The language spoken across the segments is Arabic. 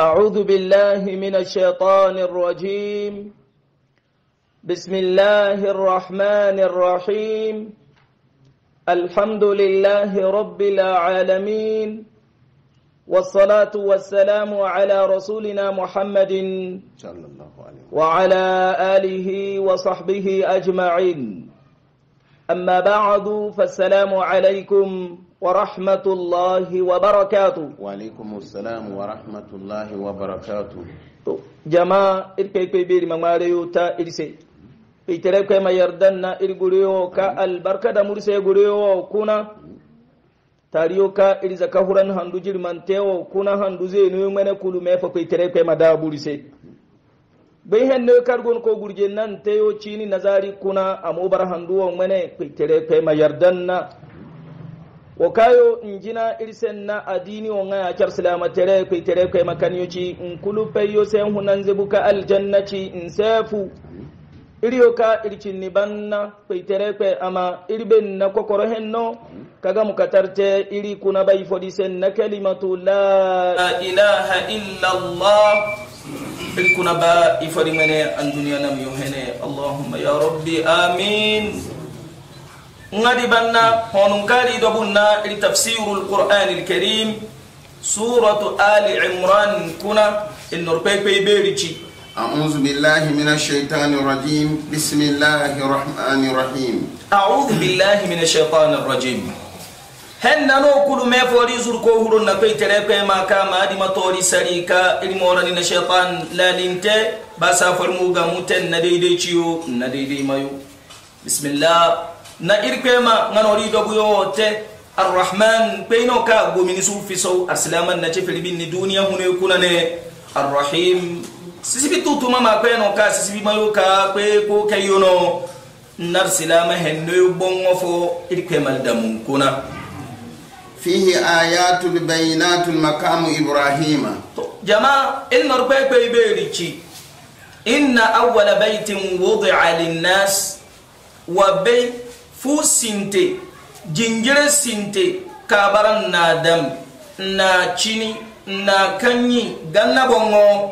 أعوذ بالله من الشيطان الرجيم بسم الله الرحمن الرحيم الحمد لله رب العالمين والصلاة والسلام على رسولنا محمد صلى الله عليه وعلى آله وصحبه أجمعين أما بعد فالسلام عليكم ورحمة الله وبركاته وعليكم السلام ورحمة الله وبركاته جماعة إركي بيبير مماريو تا إرسي إتريب كما يردنا إرغريو كا البركة دا مرسي غريو كنا tariyo ka iriza ka huran handu jirman tewo kuna handu zai nuyi mana kulu me fa kai tare kai ma da burise bai hen ne kargon ko gurje nan teyo cini nazari kuna amobar handu wa mana kai tare kai ma yardan na wo kayo njina irisen na adini wo ŋaya car silama tere kuy tere kuy makaniyo ci nkulu peyo sen hunanzebu ka aljanna ci nsefu iri yo ka iricinni banna kuy tere kuy ama iri be na kokoro hen no kagamu katarte iri kuna bayi fodi sen na kalimatu la ilaha illa llah ikuna ba ifari mene an duniya nam yo hene allahumma ya rabbi amin ngadi banna honum kari do bunna li tafsirul qur'anil karim suratu ali imran kuna in norpe pe berici أعوذ بالله من الشيطان الرجيم بسم الله الرحمن الرحيم أعوذ بالله من الشيطان الرجيم هن نو كل ما فوري زركو هرون نكوي تريكو ما كاما دي ما توري سريكا المورا لنا شيطان لا لنت باسا فرمو غموتن نديدي تشيو نديدي مايو بسم الله na irkwema ngano rido buyote arrahman peino ka gomini sufi so arsilaman na chefeli bin ni duniya hune kuna ne arrahim sisibi tutuma ma peino ka sisibi mayo ka pe ko kayuno narsilama henno bongo fo irkwema damun kuna fihi ayatul bayinatul makamu ibrahima jamaa ilmar pepe berichi inna awwala baytin wudi'a lin-nas wa bayt fu sinte jingire sinte kabaran na dam na chini na kanyi ganna bongo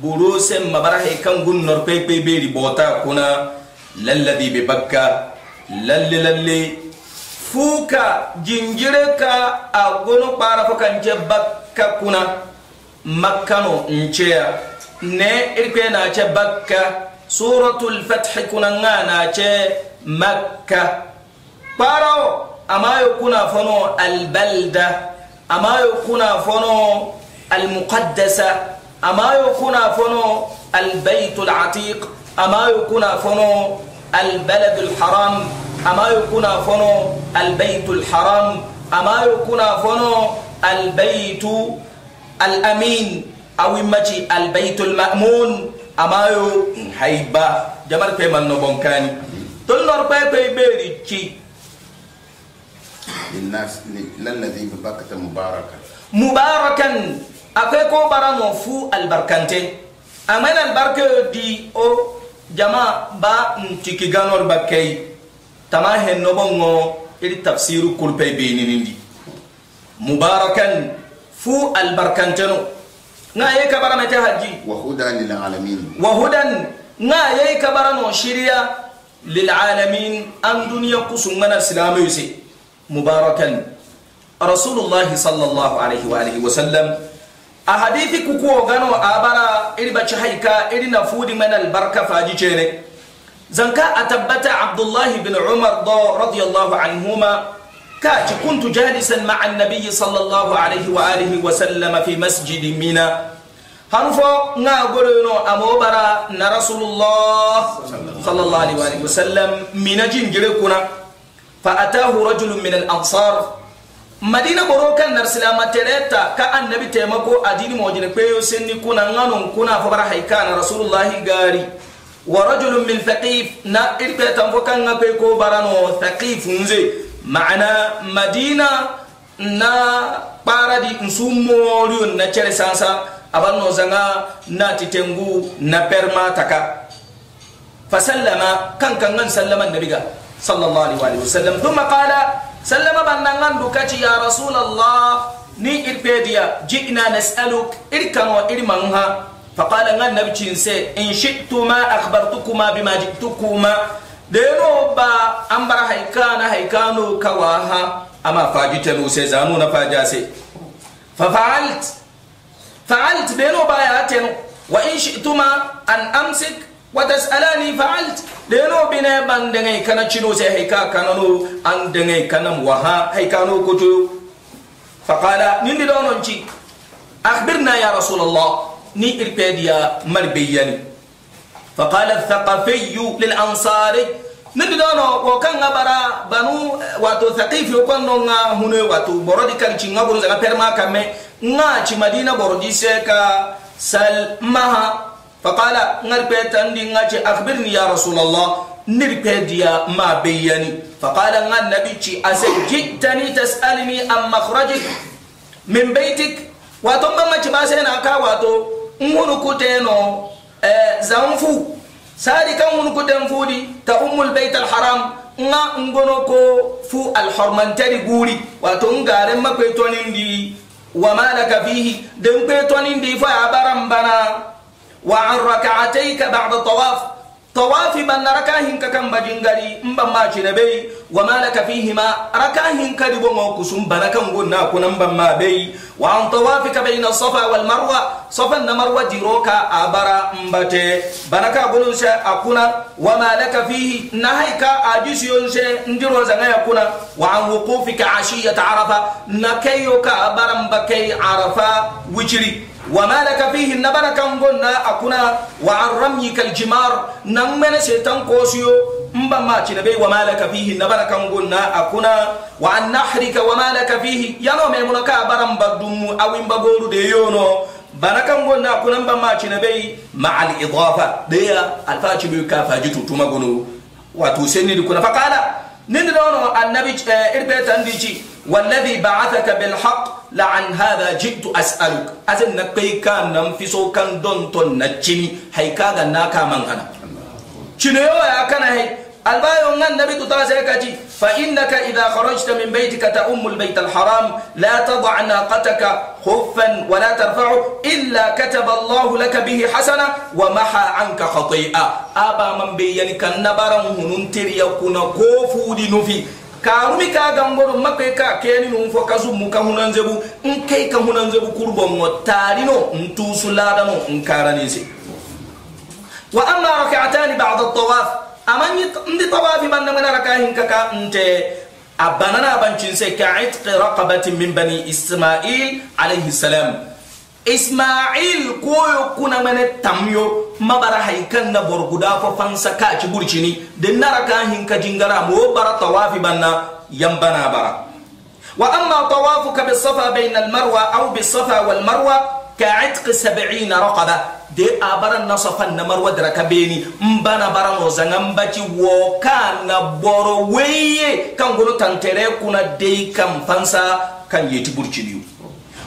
buro sen mabara he kan gunnor pepe beri bota kuna lalladi be bakka lalle lalle fuka jingire ka a gono kpara fo kan je bakka kuna makkano nceya ne irkwe na ce bakka suratul fath kuna nga na ce مكة بارو أما يكون فنو البلدة أما يكون فنو المقدسة أما يكون فنو البيت العتيق أما يكون فنو البلد الحرام أما يكون فنو البيت الحرام أما يكون فنو البيت الأمين أو مجي البيت المأمون أما يو هيبة جمال في من نبون كان دولار بيبي بيري تشي للناس للذي ببركة مباركة مباركا أكيكو برانو فو البركانتي أمين البركة دي أو جماعة با نتيكي غانور بكي تما هنوبونغو إلي تفسيرو كل بيبيني مباركا فو نو نا يكا برامتي حجي وهدى للعالمين وهدى نا يكا برانو شريا للعالمين أن دنيا من السلام يسي مباركا رسول الله صلى الله عليه وآله وسلم أحاديث كوكو غانو أبرا إلي بچحيكا إلي نفود من البركة فاجي چيني زنكا أتبت عبد الله بن عمر رضي الله عنهما كات كنت جالسا مع النبي صلى الله عليه وآله وسلم في مسجد منى hanfo nga gorono amo bara na rasulullah sallallahu alaihi wasallam minajin gire kuna fa atahu rajulun min al ansar madina goro kan nar silama tereta ka annabi taimako adini mojine peyo senni kuna nganon kuna fa bara haikana rasulullah gari wa rajulun min thaqif na irpe tanfo kan nga pe ko barano thaqif nze maana madina na paradi nsummo na chere sansa abanozanga zanga nati tengu na perma taka fasallama kan kan sallama nabiga sallallahu alaihi wa sallam thumma qala sallama bannan dukati ya rasulullah ni irpedia ji'na nas'aluk irkan wa irmanha فقال ان النبي se in shi'tuma akhbartukuma bima ji'tukuma deno ba ambara haikana haikano kawaha ama fajitanu se zanuna fajase فعلت بينو بايا وإن شئتما أن أمسك وتسألاني فعلت دينو بنا بندني كان تشنو سي هيكا كانو أندني كانم وها هيكانو كتو فقال نين دونونشي أخبرنا يا رسول الله ني إربيديا مربياني فقال الثقفي للأنصاري nidi دونو وكان غبرا بنو واتو ثقيف وكان thaqifi ko واتو nga كان wato borodi kan cinga nga ci madina borodi seka sal maha faqala ngar pe tandi nga ci akhbirni ya rasulullah nir pe dia ma bayani faqala nga nabi ci asal jittani tasalni am makhrajik min baytik wa wato mamma ci ba sai na ka wato ngunu kuteno eh, zanfu sari kan ngunu kuten fudi ta umul bayt al haram nga ngono ko fu al hormantari guri wato ngare makoy tonindi وما لك فيه دنبيتون دي فيا برمبنا وعن ركعتيك بعد الطواف طواف من ركاهن ككم بجنغري مبا ما بي وما لك فيهما ركاهن كدب موكسم بنكم قلنا كنم بما بي وعن طوافك بين الصفا والمروة صفا نمروة جروكا أبرا مبتي بنكا قلن شيء أكونا وما لك فيه نهيكا أجيس ينشي نديرو زنغي أكونا وعن وقوفك عشية عرفة نكيوك أبرا مبكي عرفة وجري وما لك فيه النبنا كان قلنا أكنا وعن رميك الجمار نمنا شيطان قوسيو مبا ما تنبي وما لك فيه النبنا كان قلنا أكنا وعن نحرك وما لك فيه ينو ميمونك أبرم بدوم أو إن بقول ديونو بنا كان قلنا أكنا مبا ما تنبي مع الإضافة ديا الفاتح بيكا فاجتو تمغنو وتسند كنا فقالا نندون النبي آه، إربيت أنديجي والذي بعثك بالحق لعن هذا جئت أسألك أزن نكي كان نمفسو كان دون تنجمي هيكاغا ناكا من أنا شنو يا كان هي البايو نان النبي تطلع سيكاتي فإنك إذا خرجت من بيتك تأم البيت الحرام لا تضع ناقتك خفا ولا ترفعه إلا كتب الله لك به حسنة ومحى عنك خطيئة أبا من بيانك النبرا هننتر يكون كوفو لنفي كارمي ka gamboro makai ka keni nun fo kasu mu ka hunan zebu in kai ka hunan zebu kurbo amanyi ndi tawafi banna mwana rakahin kaka nte abanana abanchinse ka itq raqabati min bani ismail alayhi salam ismail koyo kuna mene tamyo mabara haikan na borguda ko fansa ka ci burcini din na rakahin ka jingara mo bara tawafi banna yambana bara wa amma tawafuka bis safa bayna marwa aw bis safa wal marwa ka itq 70 raqaba de a bara nasafa namarwa daraka beni n bana bara nozanga n baci wɔ ka na bɔrɔ weye kan golo tantere kuna dei kan fansa kan yeti burciliyu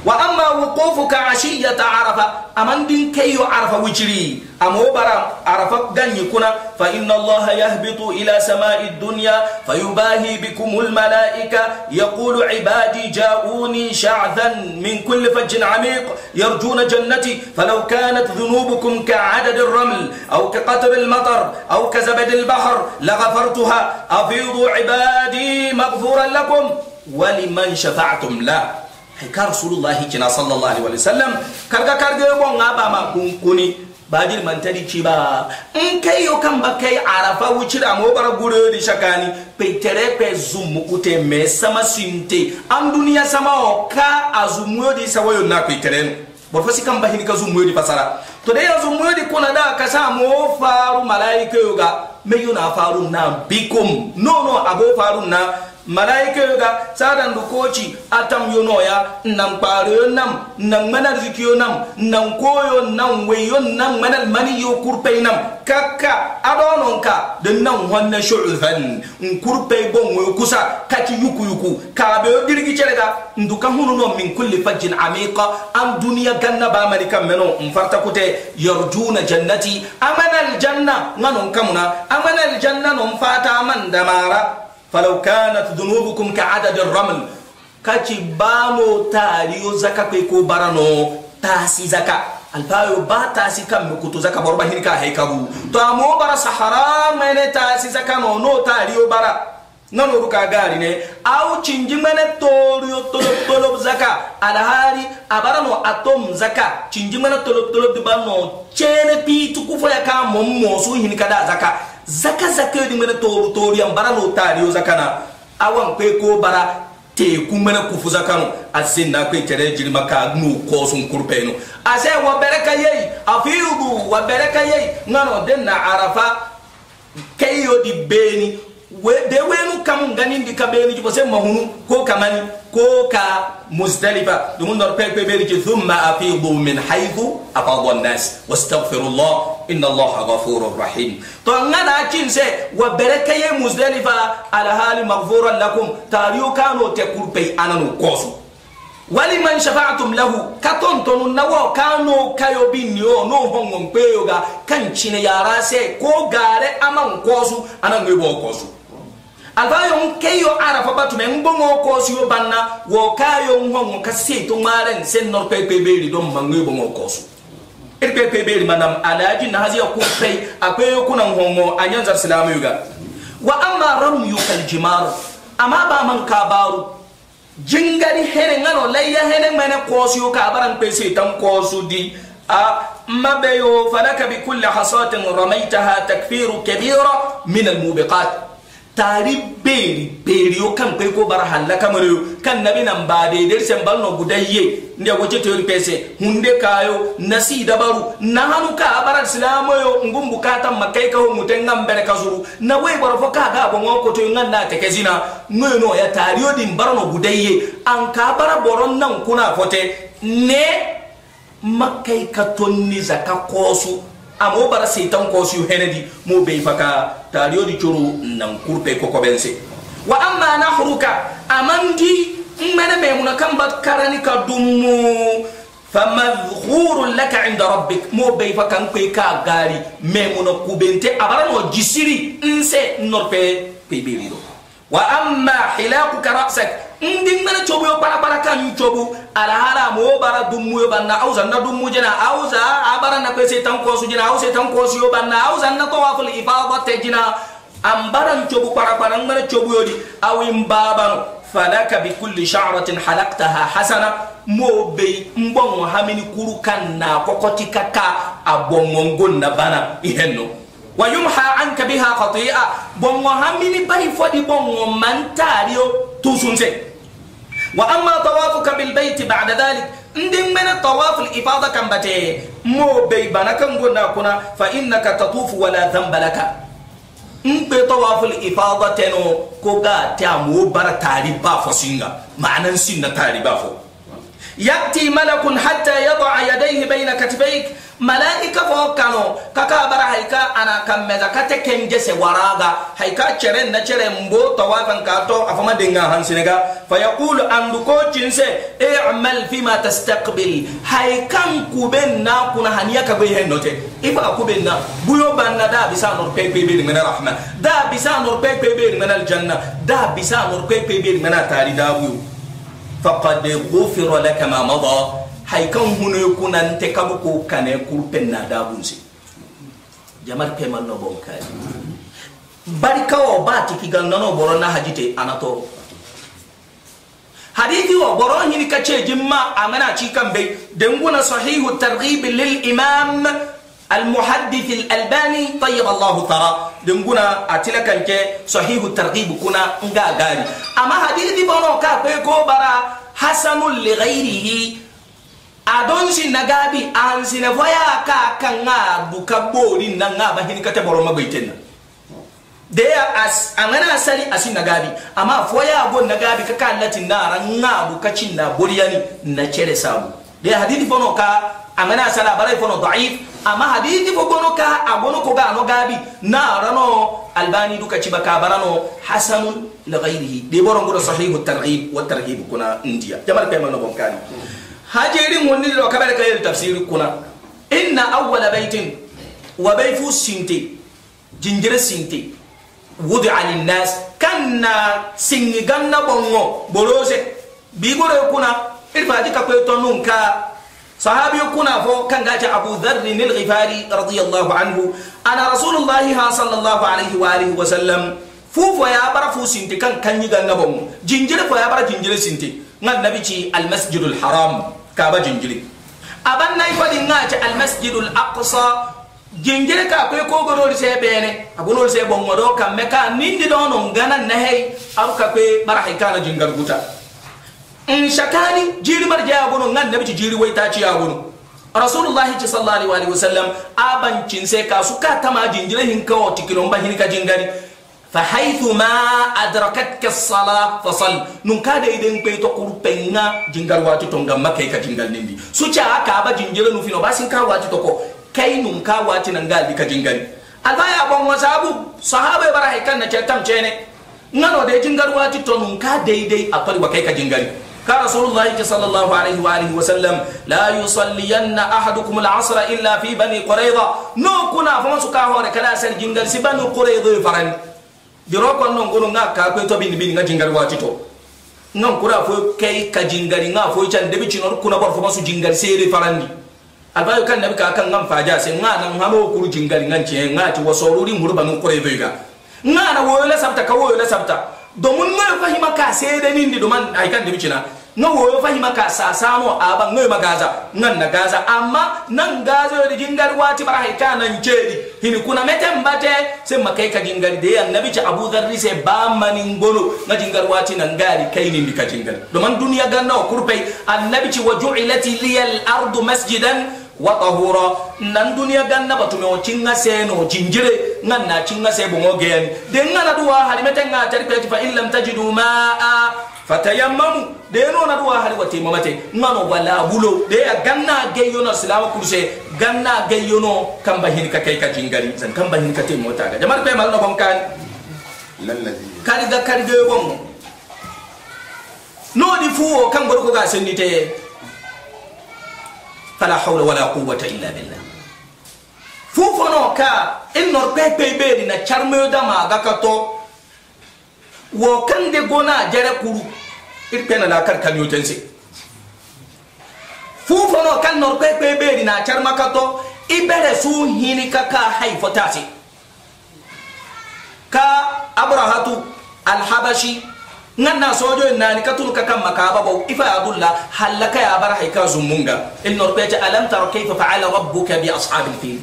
وأما وقوفك عشية عرفة أمن دين كيو عرفة وجري أمو برا عرفة غني كنا فإن الله يهبط إلى سماء الدنيا فيباهي بكم الملائكة يقول عبادي جاءوني شعذا من كل فج عميق يرجون جنتي فلو كانت ذنوبكم كعدد الرمل أو كقطر المطر أو كزبد البحر لغفرتها أفيضوا عبادي مغفورا لكم ولمن شفعتم لا ka rasulullahi jina sallallahu alaihi wa sallam karga karga yo nga ba ma kunkuni ba dir man tadi ci ba in kai yo kan ba kai arafa wuci da mo bar gure di shakani pe tere pe zum ute me sama sinte am duniya sama o ka azum yo di sa wayo na pe tere bo fasi kan ba hin ka zum yo di fasara to dai azum yo di kona da ka sa mo faru malaika yo ga me yo na faru na bikum no no abo faru na malaika ga sadan a koci atam yo ya nan paro nam nan manar zikiyo nam nan koyo nan weyo nan manar mani kurpei nam kakka adonon ka da nan wannan shu'ufan in kurpei bon we kusa kaki yuku yuku ka be dirgi cerega nduka hunu no min kulli fajjin amiqa am duniya ganna ba mani kan meno in farta kute yarjuna jannati amana aljanna nganon kamuna amana janna non fata man damara falaw kanat dunubukum ka adadi raml kaci bano tariyo zaka kwe ko barano tasi zaka alfayo ba tasi kan mi kutu zaka baro ba hirka haikabu to amo bara sahara mene tasi zaka no no tariyo bara nanu ruka gari ne au cinji mene toriyo tolob tolob zaka alhari abara no atom zaka cinji mene tolob tolob di ba cene pitu kufoya ka mommo su hinika da zaka zaka zaka yodi mene toru toru yan bara no tari yo zaka na awan kwe ko bara teku mene kufu zaka no asin na kwe tere jiri maka no kosun kurpe no ase wa bereka yei afiugu wa bereka yei ngano den na arafa kayo di beni de wenu kam ganin di ka beni jibo sem mahunu ko kamani ko ka muzdalifa dum ndor pe pe beni ji thumma afidu min haythu afadha an-nas wastaghfirullah inna allaha ghafurur rahim to ngana kin se wa baraka ye muzdalifa ala hali maghfuran lakum tariyo kano te kurpe ananu kosu wali man shafa'atum lahu katon tonun nawo kano kayo bin yo no hongon peyoga kan chine yara ko gare aman kosu anan ngebo kosu alfayon keyo arafa batume ngbongo kosiyo banna wo kayo nhongo kasito ngare nsen nor pepebeli do mangwe bongo kosu irpepebeli manam alaji na hazi ku pay apeyo kuna ngongo anyanza salamu yuga wa amma ram yukal jimar ama ba man kabaru jingari hene ngano layya hene mene kosiyo kabaran pese tan kosu di a ma mabeyo falaka bi kulli hasatin ramaitaha takfiru kabira min al mubiqat tari beri beri o kan kai ko bar halla kamar yo kan nabi nan ba de der sem bal no gudayye ndia ko ce pese hunde kayo nasi dabaru na hanu ka bar islam yo ngum bukata makai ka mu ngam bere kazuru na we bar fo ka ga bon ko to ngan na te kezina no no ya tari o din bar no gudayye an ka bar boron nan kuna fote ne makai ka tonni zakka kosu amo bar seitan kosu henedi mo be faka taliyo di coro nan kurpe ko ko bense wa amma nahruka amandi mene me muna kan bat karani ka dummu famadhkurun laka inda rabbik mo be fa kan pe ka gari me muna kubente abara no jisiri nse norpe pe be wa amma hilaquka ra'sak ndi mene cobu yo bara bara kan cobu alahala mo bara dummu yo banna auza na dummu jina auza abara na kwese tan ko su jina auza tan ko su yo banna auza na to waful ifada te jina ambara cobu bara bara mene cobu yo di awin babanu falaka bi kulli sha'ratin halaqtaha hasana mo be mbongo hamini kuru kan na kokoti kaka abongo na bana ihenno wa yumha anka biha khati'a bongo hamini bari fodi bongo mantario tusunse وأما طوافك بالبيت بعد ذلك ندم من الطواف الإفاضة كم بتي مو بيبانا كم قلنا كنا فإنك تطوف ولا ذنب لك نبي طواف الإفاضة تنو كوغا تامو برا تاريبا فسينا معنى سن تاريبا فو يأتي ملك حتى يضع يديه بين كتفيك malaika fo kano kaka bara haika ana kammeza kate kengese waraga haika chere na chere mbo tawafan kato afama dinga hansinega fayaqulu anduko cinse i'mal fima tastaqbil haikan kuben na kuna haniya ka gwe hennote ifa kuben na buyo banna da bisa nur pepe be min rahma da bisa nur pepe be min aljanna da bisa nur pepe be min tari da buyo faqad ghufira laka ma mada haikan hunu kuna nte kabu ko kane kurpen na dabunsi jamar pe man no bon kaji barika o ba tiki gal nono boro na hajite anato hadithi wa boro hini kace jimma amana cikan bai denguna sahihu targhib lil imam المحدث الألباني طيب الله ترى دنقنا أتلك الك صحيح الترغيب كنا نقا غاري أما حديث بنو كاكو برا حسن لغيره adon sinna gaabi an sina foya ka kanga buka bori nanga bahini kate boroma goitenna deya as angana asali asinna gaabi ama foya go nagabi kaka allati nara nga buka cinna boriyani na cere sabu deya hadithi fono ka angana asala barai fono daif ama hadithi fo gono ka agono ko gano gaabi narano albani duka ciba ka barano hasanun li ghairihi de borongoɗo sahihu targhib wa targhib kuna ndiya jamal kaymal no bonkani hajeri munni lo kabal kayel tafsir kuna inna awwala baitin wa bayfu sinti jinjere sinti wudi'a linnas kanna singi ganna bongo borose bigore kuna irfaji ka kwe tonun ka sahabi kuna fo kanga ta abu dharr nil ghifari radiyallahu anhu ana rasulullahi ha sallallahu alaihi wa alihi wa sallam fufo ya bara fu sinti kan kanyi ganna bongo jinjere fo ya bara jinjere sinti ngan nabi ci al masjidul haram kaba jinjiri aban nay fadi nga ci al masjidul aqsa jinjiri ka ko ko gorol se bene agunol se bon ngodo kam me ka nindi do non gana nahay aw ka ko barahi kana jingal guta in shakani jiri marja agunon ngan nabi jiri wayta ci agunon rasulullah ci sallallahu alaihi wasallam aban cin se ka suka tama jinjiri hin ka o ba hin ka jingari fa haythu ma adrakatka as-sala fa sall nun ka da idan kai to kurpenga jingar wati to ngamma kai ka jingal nindi su ca aka ba jingira nu fino basin ka wati to ko kai nun ka wati nan ka jingari alaya bon wasabu sahaba bara hay kan na ce tam ce ne da jingar wati nun ka daidai a ba kai ka رسول الله صلى الله عليه وآله وسلم لا يصلين أحدكم العصر إلا في بني قريظة نو كنا فما سكاهور كلا سر جنجل سبني قريظة فرن birokwa nongono nga kakwe to bini bini nga jingali wa chito nga kura fo kai ka jingali nga fo chan debi chino ru kuna barfo masu jingali sere farandi alfayo kan nabi ka kan nga faja se nga nan hamo kuru jingali nga chen nga ti wasoruri muruba nga kure beiga nga na wo le sabta ka wo le sabta domun mo fahima ka sere nindi domun ai kan debi chino no wo woyo fahima ka sasano aba ngoyo magaza nan na gaza amma nan gaza yo gingar wati mara haika nan ceri hini kuna mete mbate sai makai ka gingar de annabi ci abu dharri sai ba manin gono na gingar wati nan gari kai ni ka do man duniya ganna kurfai annabi ci waju'ilati liyal ardu masjidan wa tahura nan duniya ganna batume o cinga seno jinjire nan na cinga se bongo gen de ngana duwa halimete nga tarikati fa illam tajidu ma'a fatayammamu de nona ɗo hali wate mamate nano wala wulo de a ganna geyyono silama kurse ganna geyyono kamba hin ka kay ka jingari zan kamba hin ka te motaga jamar pe mal no kon kan lallazi kariga kariga gon no di fuwo kan gorko ga senni te fala hawla wala quwwata illa billah fufono ka in nor pe pe be na charmo dama ga ka to وكان دي غونا جره كورو ايبنا لا كار كان يوتنسي فو فنو كان نور بي بي بي نا شرما كاتو ايبره سو هيني كاكا هاي فتاسي كا ابراهاتو الحبشي نانا سوجو ناني كاتون كاكا مكا بابو ايفا عبد الله حلكا يا ابراه هيكا زومونغا النور بي الم ترى كيف فعل ربك باصحاب الفيل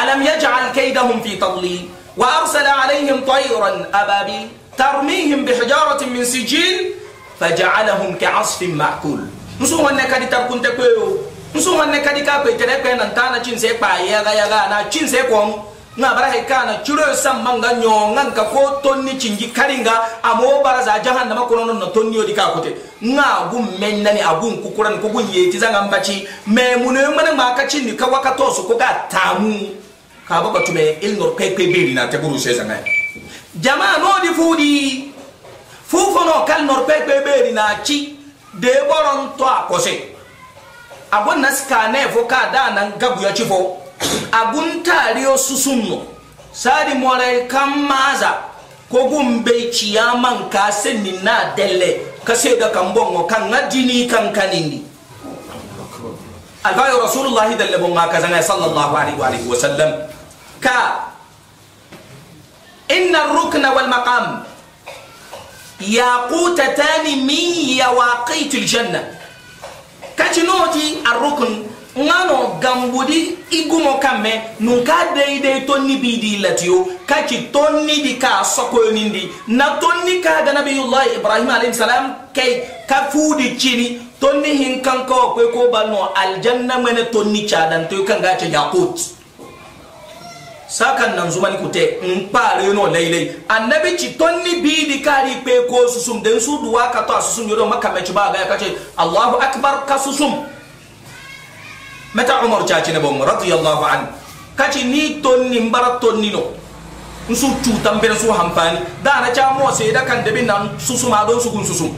الم يجعل كيدهم في تضليل وارسل عليهم طيرا ابابيل tarmihim bihijaratin min sijil faja'alahum ka'asfin ma'kul nsu kadi tarkunte kweyo nsu kadi ka kwe kwe nan tana chinse pa yaga yaga na chinse kon nga bara he kana churo sam manga nyonga ka ko tonni chingi karinga amo bara za jahannama kono non tonni odi ka kote nga gum menna ni agun kukuran ko gun yeti zanga mbachi me munwe mana ma ka chinni ka waka tosu ko ga tamu ka baba tume ilnor pepe beri na teguru sezanga jama noodi fuuɗi fuufono kal norpe kpe na ci de boron to a kose a gonna sikane fo ka da nan gabuyaci fo agun tariyo susunno sari morai kan maza ko gun ci ciya man ka sinni na delle ka se da kan bongo kan kan kanini al rasulullah dalle bon ma sallallahu alaihi wa sallam ka الركن والمقام ياقوتتان من يواقيت الجنة كتنوتي الركن ngano gambudi igumo kamme nun ka deidei tonni bidi latiyo kaki tonni di ka sokoyonindi na tonni ka ga nabiyullahi ibrahim alayhi salam kei ka fudi cini tonni hin kanko kwe ko balno aljanna mene tonni cadantoyo kanga ce yakut sakan nan zumani kute n kpaare no leilei annabi ci tonni bi biidi kari kpe ko susum den su duwa ka to a susum yodo ma kame ci baga ya kace allahu akbar ka susum meta umar caci ne bom radiyallahu an kaci ni tonni mbara tonni no nsu cutan bere su hampani na ca mo se da kan debi nan susuma don sugun susum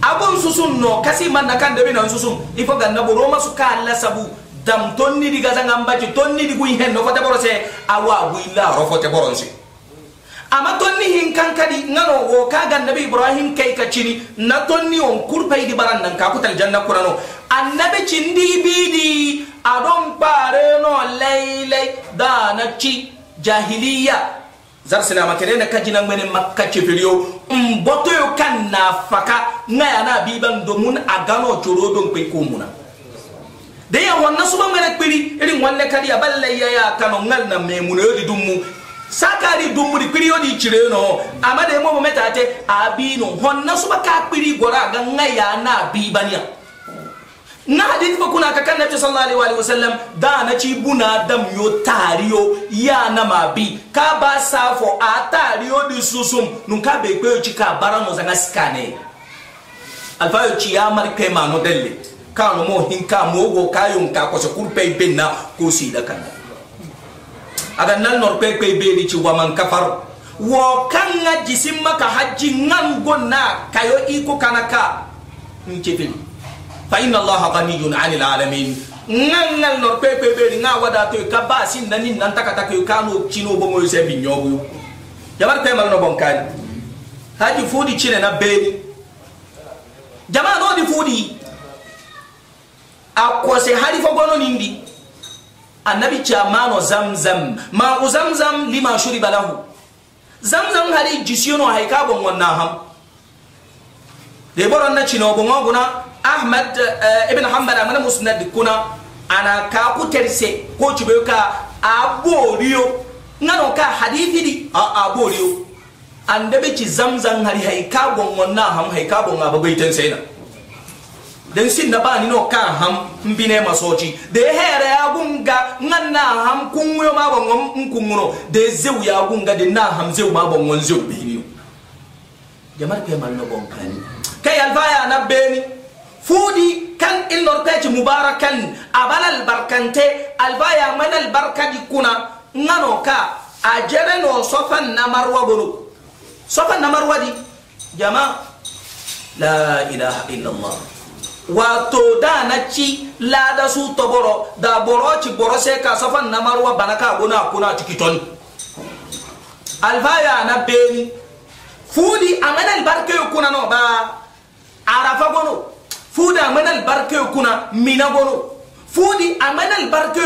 abun susum no kasi man na kan debi nan susum ifo ganna boroma su ka alla sabu dam tonni di gaza ngamba ci tonni di guy hen no fa fote borose awa guy la ro fote boronse ama tonni hin kan kadi ngano wo ka gan nabi ibrahim kay ka cini na tonni on kurpai di baran nan ka ko tal janna kurano annabi cindi di adon pare no leile da na ci jahiliya zar silama kene na kajina ngene makka ci chefiriyo mboto yo kan na faka ngaya na biban domun agano choro don pe kumuna de ya wanna suba ngana kpiri iri wanne kali aballa ya ya kano ngal na memuna yodi dummu sakari dumuri kpiri yodi chire no amade mo mo metate abino wanna suba ka kpiri gora ga ngaya na bibania na hadith ba kuna ka kan nabi sallallahu alaihi wasallam da na ci buna dam yo tariyo ya na ma bi ka ba safo a tariyo di susum nun ka be pe ci ka bara zanga skane alfa yo ci ya mar pe ma no delle kano mo hinka go kayon ka ko so kurpe benna ko si da kan aga nan nor pe pe be ni man kafar wo kan na jisimma ka haji nan gonna kayo iko kanaka nce fili fa inna Allah ghaniyun 'anil 'alamin nan nan nor pe pe be ni nga wada to ka ba sin nan nan takata ko chino bo mo se nyobu jabar pe mal no kan haji fudi chine na beni jama no di fudi akose hari fo gono nindi annabi mano zamzam ma zamzam lima shuri balahu zamzam hari jisiyono haika bon wonna ham de boron na chino bon guna ahmad eh, ibn hanbal amana musnad kuna ana ka ku terse ko chibeka ka aboriyo ngano ka hadithi di a aboriyo andabe ci zamzam hari haika bon wonna ham haika bon ababai sai na den sin da bani no kan ham mbine masochi de here ya gunga nganna ham kunwo ma bongo nkunwo de zewu ya gunga de na ham zewu ma bongo zewu bihiyo jamar ke mallo bonkani kay alfaya na beni fudi kan ilnor peci mubarakan abanal barkante alfaya manal barkadi kuna ngano ka ajere no sofan na marwa bolo sofan na marwa di jama la ilaha illallah wato da ci lada su ta da boro ci boro sai ka safan na marwa bana ka guna kuna ciki ton alfaya na beni fudi amana albarka kuna no ba arafa gono fudi amana albarka kuna mina gono fudi amana albarka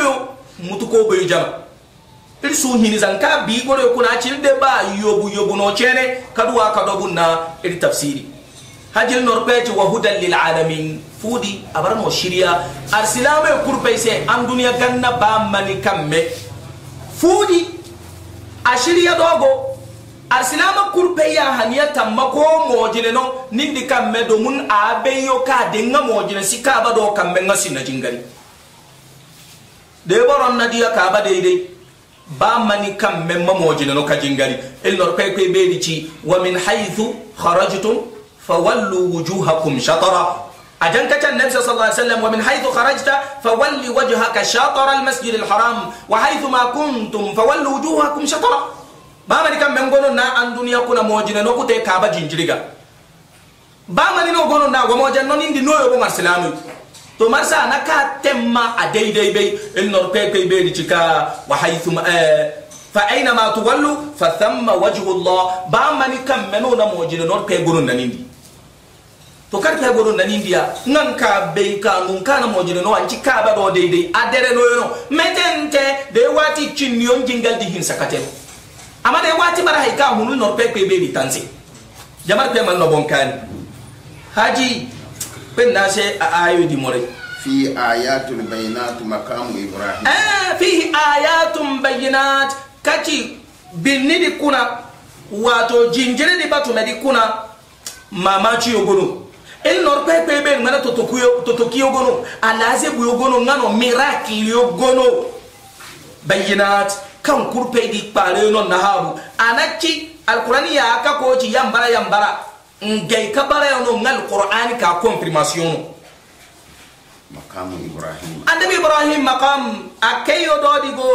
mutu ko bai jama il su hini zanka bi gore kuna cin de ba yobu yobu no chene kaduwa kadobu na il tafsiri hajil norpeji wa hudan lil alamin fudi abarano shiriya arsilama e se an duniya ganna ba mani kamme fudi a shiriya dogo arsilama kurpeya haniya tamma ko mojine no nindi kamme domun a beyo ka dinga mojine si kaba do kamme nga sinna jingari de boron nadiya kaba daidai ba mani kamme ma mojine no ka jingari ilnor kwekwe beri ci wa min haythu kharajtum fawallu wujuhakum shatara أجن كان النبي صلى الله عليه وسلم ومن حيث خرجت فولي وجهك شطر المسجد الحرام وحيث ما كنتم فولوا وجوهكم شطرا بامني كان من غنون أن دنيا كنا موجنا نكوت كعبة جنجريغا بامني نو غنون نا وموجنا نين دي نو يبو مرسلامي to marsa na ka temma a daidai bai in norpe kai bai cika wa haithu fa aina ma tuwallu fa thamma wajhu Allah ba mani kan menona mojina norpe gunun to kar ka godo na india nan ka be ka ngun kana mo jere no anci ka ba do dei dei adere no no metente de wati chinnion jingal di hin sakate amma de wati mara hay ka hunu no pe pe be ni tanse jamar pe man no bon kan haji pen na se ayo di more fi ayatul bayinat makamu ibrahim eh fi ayatul bayinat kaci binni di kuna wato jinjire di batu di kuna mamaci yogono eli nor pepe be ngana totokuyo totokiyo gono alaze buyo gono ngano miraki yo gono bayinat kan kurpe di kpare no nahabu anaki alqurani ya aka ko ci yambara yambara ngay ka bara yo no ngal qur'ani ka confirmation makamu ibrahim annabi ibrahim maqam akayo do digo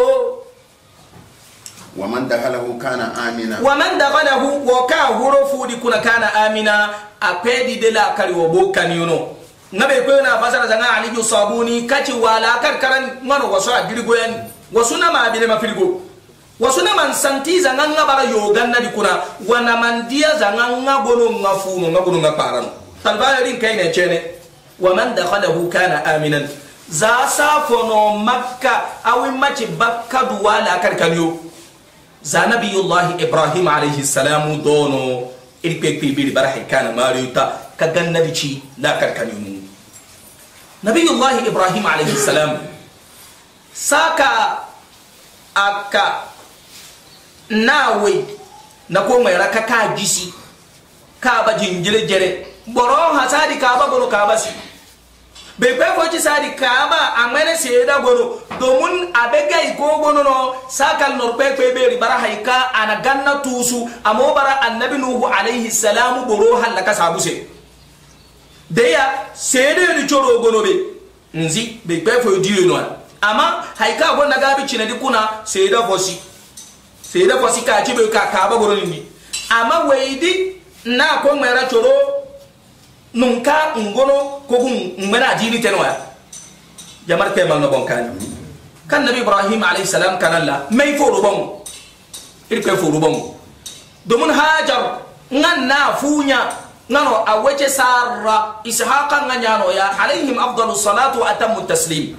waman dakhalahu kana amina waman dakhalahu wa ka hurufu di kuna kana amina apedi de la kari wo bokan yuno nabe ko na fasara zanga ali ju sabuni kaci wala kar karan ngano waso adirigo yan wasu na ma bile mafirigo wasu na man santi zanga ngabara yogan na di kuna wana man dia zanga ngabono ngafuno ngabono ngaparan talbara rin kai ne chene waman dakhalahu kana aminan za sa fono makka awi maci bakka duwala kar kanyo زنبي الله إبراهيم عليه السلام دونو إلبيك بي بي برحي كان ماريوتا كدن نبيشي لا كركن يمون نبي الله إبراهيم عليه السلام ساكا أكا ناوي نكو ميركا كاجيسي كابا جنجل جري بروها سادي كابا بلو كابا سي bai kwai foci sadi kama a mene se da gono domin a be gono no sakal nor kwai kwai be ribara haika ana ganna tusu amo bara annabi nuhu alayhi salamu boro halaka sabuse deya sede ni choro gono be nzi bai kwai fo diyo no ama haika gonna gabi cinadi kuna seda fosi seda fosi ka ci be ka kaba gono ni amma weidi na ko mera choro nun ka ngono ko kun ngmena jini tenwa jamar pe mal no bon kan kan nabi ibrahim alayhi salam kanalla may fo do bon ir pe fo do bon domun hajar ngan na funya nano awace sarra ishaqa nganyano ya alaihim afdalu salatu wa atammu taslim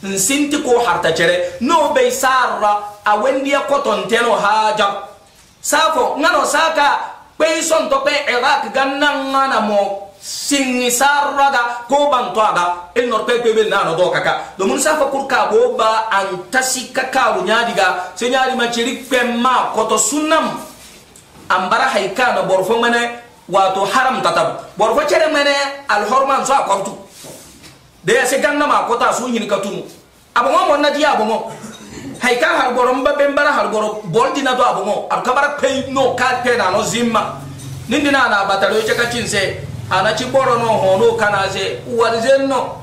nsinti ko harta cere no be sarra awendiya koton teno hajar safo ngano saka pe son to pe iraq gannan ngana mo sinni sarraga ko banto aga el nor pepe be nano do kaka do mun sa fakur ka ba an tasi kaka ru nyadiga se nyadi ma chiri pemma koto sunnam ambara haika na borfo mane wato haram tatab borfo chere mane al horman so akortu de se ganna ma kota su nyin katunu abongo mon na dia abongo haika har goro mba bembara har goro boldi na do abongo abkabara pei no ka na no zimma nindina na batalo cheka chinse anaci korono hono kana ase warzenno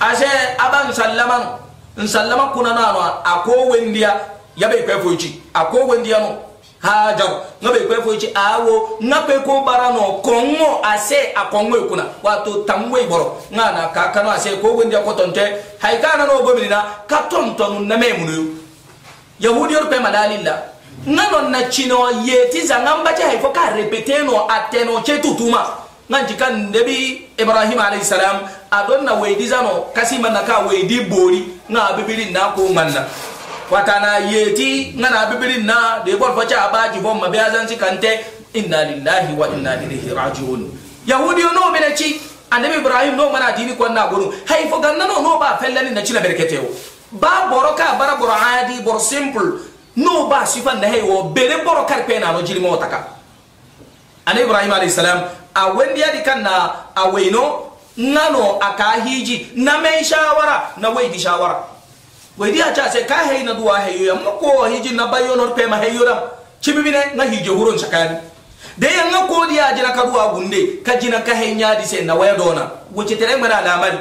ase aba nsallaman nsallama kunanano ako wendiya yabe kwe foici ako wendiya no hajaw nga be kwe foici awo nga kwe ko barano kongo ase akongo kuna wato tamwe boro nga na kakano ase ko wendiya kotonte haikana no gominina katontonu namemunu yahudiyar kwe malalilla nga non na cino yeti zanga mbace haifo ka repete no ateno ce tutuma nanti kan nabi ibrahim alayhi salam adon na weidi zano kasi man ka weidi bori na bibiri na ko manna watana yeti na bibiri na de bor facha abaji bom mabe si kante inna lillahi wa inna ilaihi rajiun yahudi no mena ci annabi ibrahim no mana dini ko na gonu hay fo ganna no no ba fellani na ci la berketewo ba boroka bara boro adi bor simple no ba sifan na hay wo bere borokar pe na no jirmo taka annabi ibrahim alayhi salam a wendiyadi kan na a waino nano a ka hiji na mai shawara na waidi shawara waidi a ca sai ka hei na duwa heyo ya mako hiji na ma pema heyo ram cibibine na hiji huron sakani da ya kodi a jina ka duwa gunde ka jina ka hei nyadi sai na waya dona wuce tere mana alamari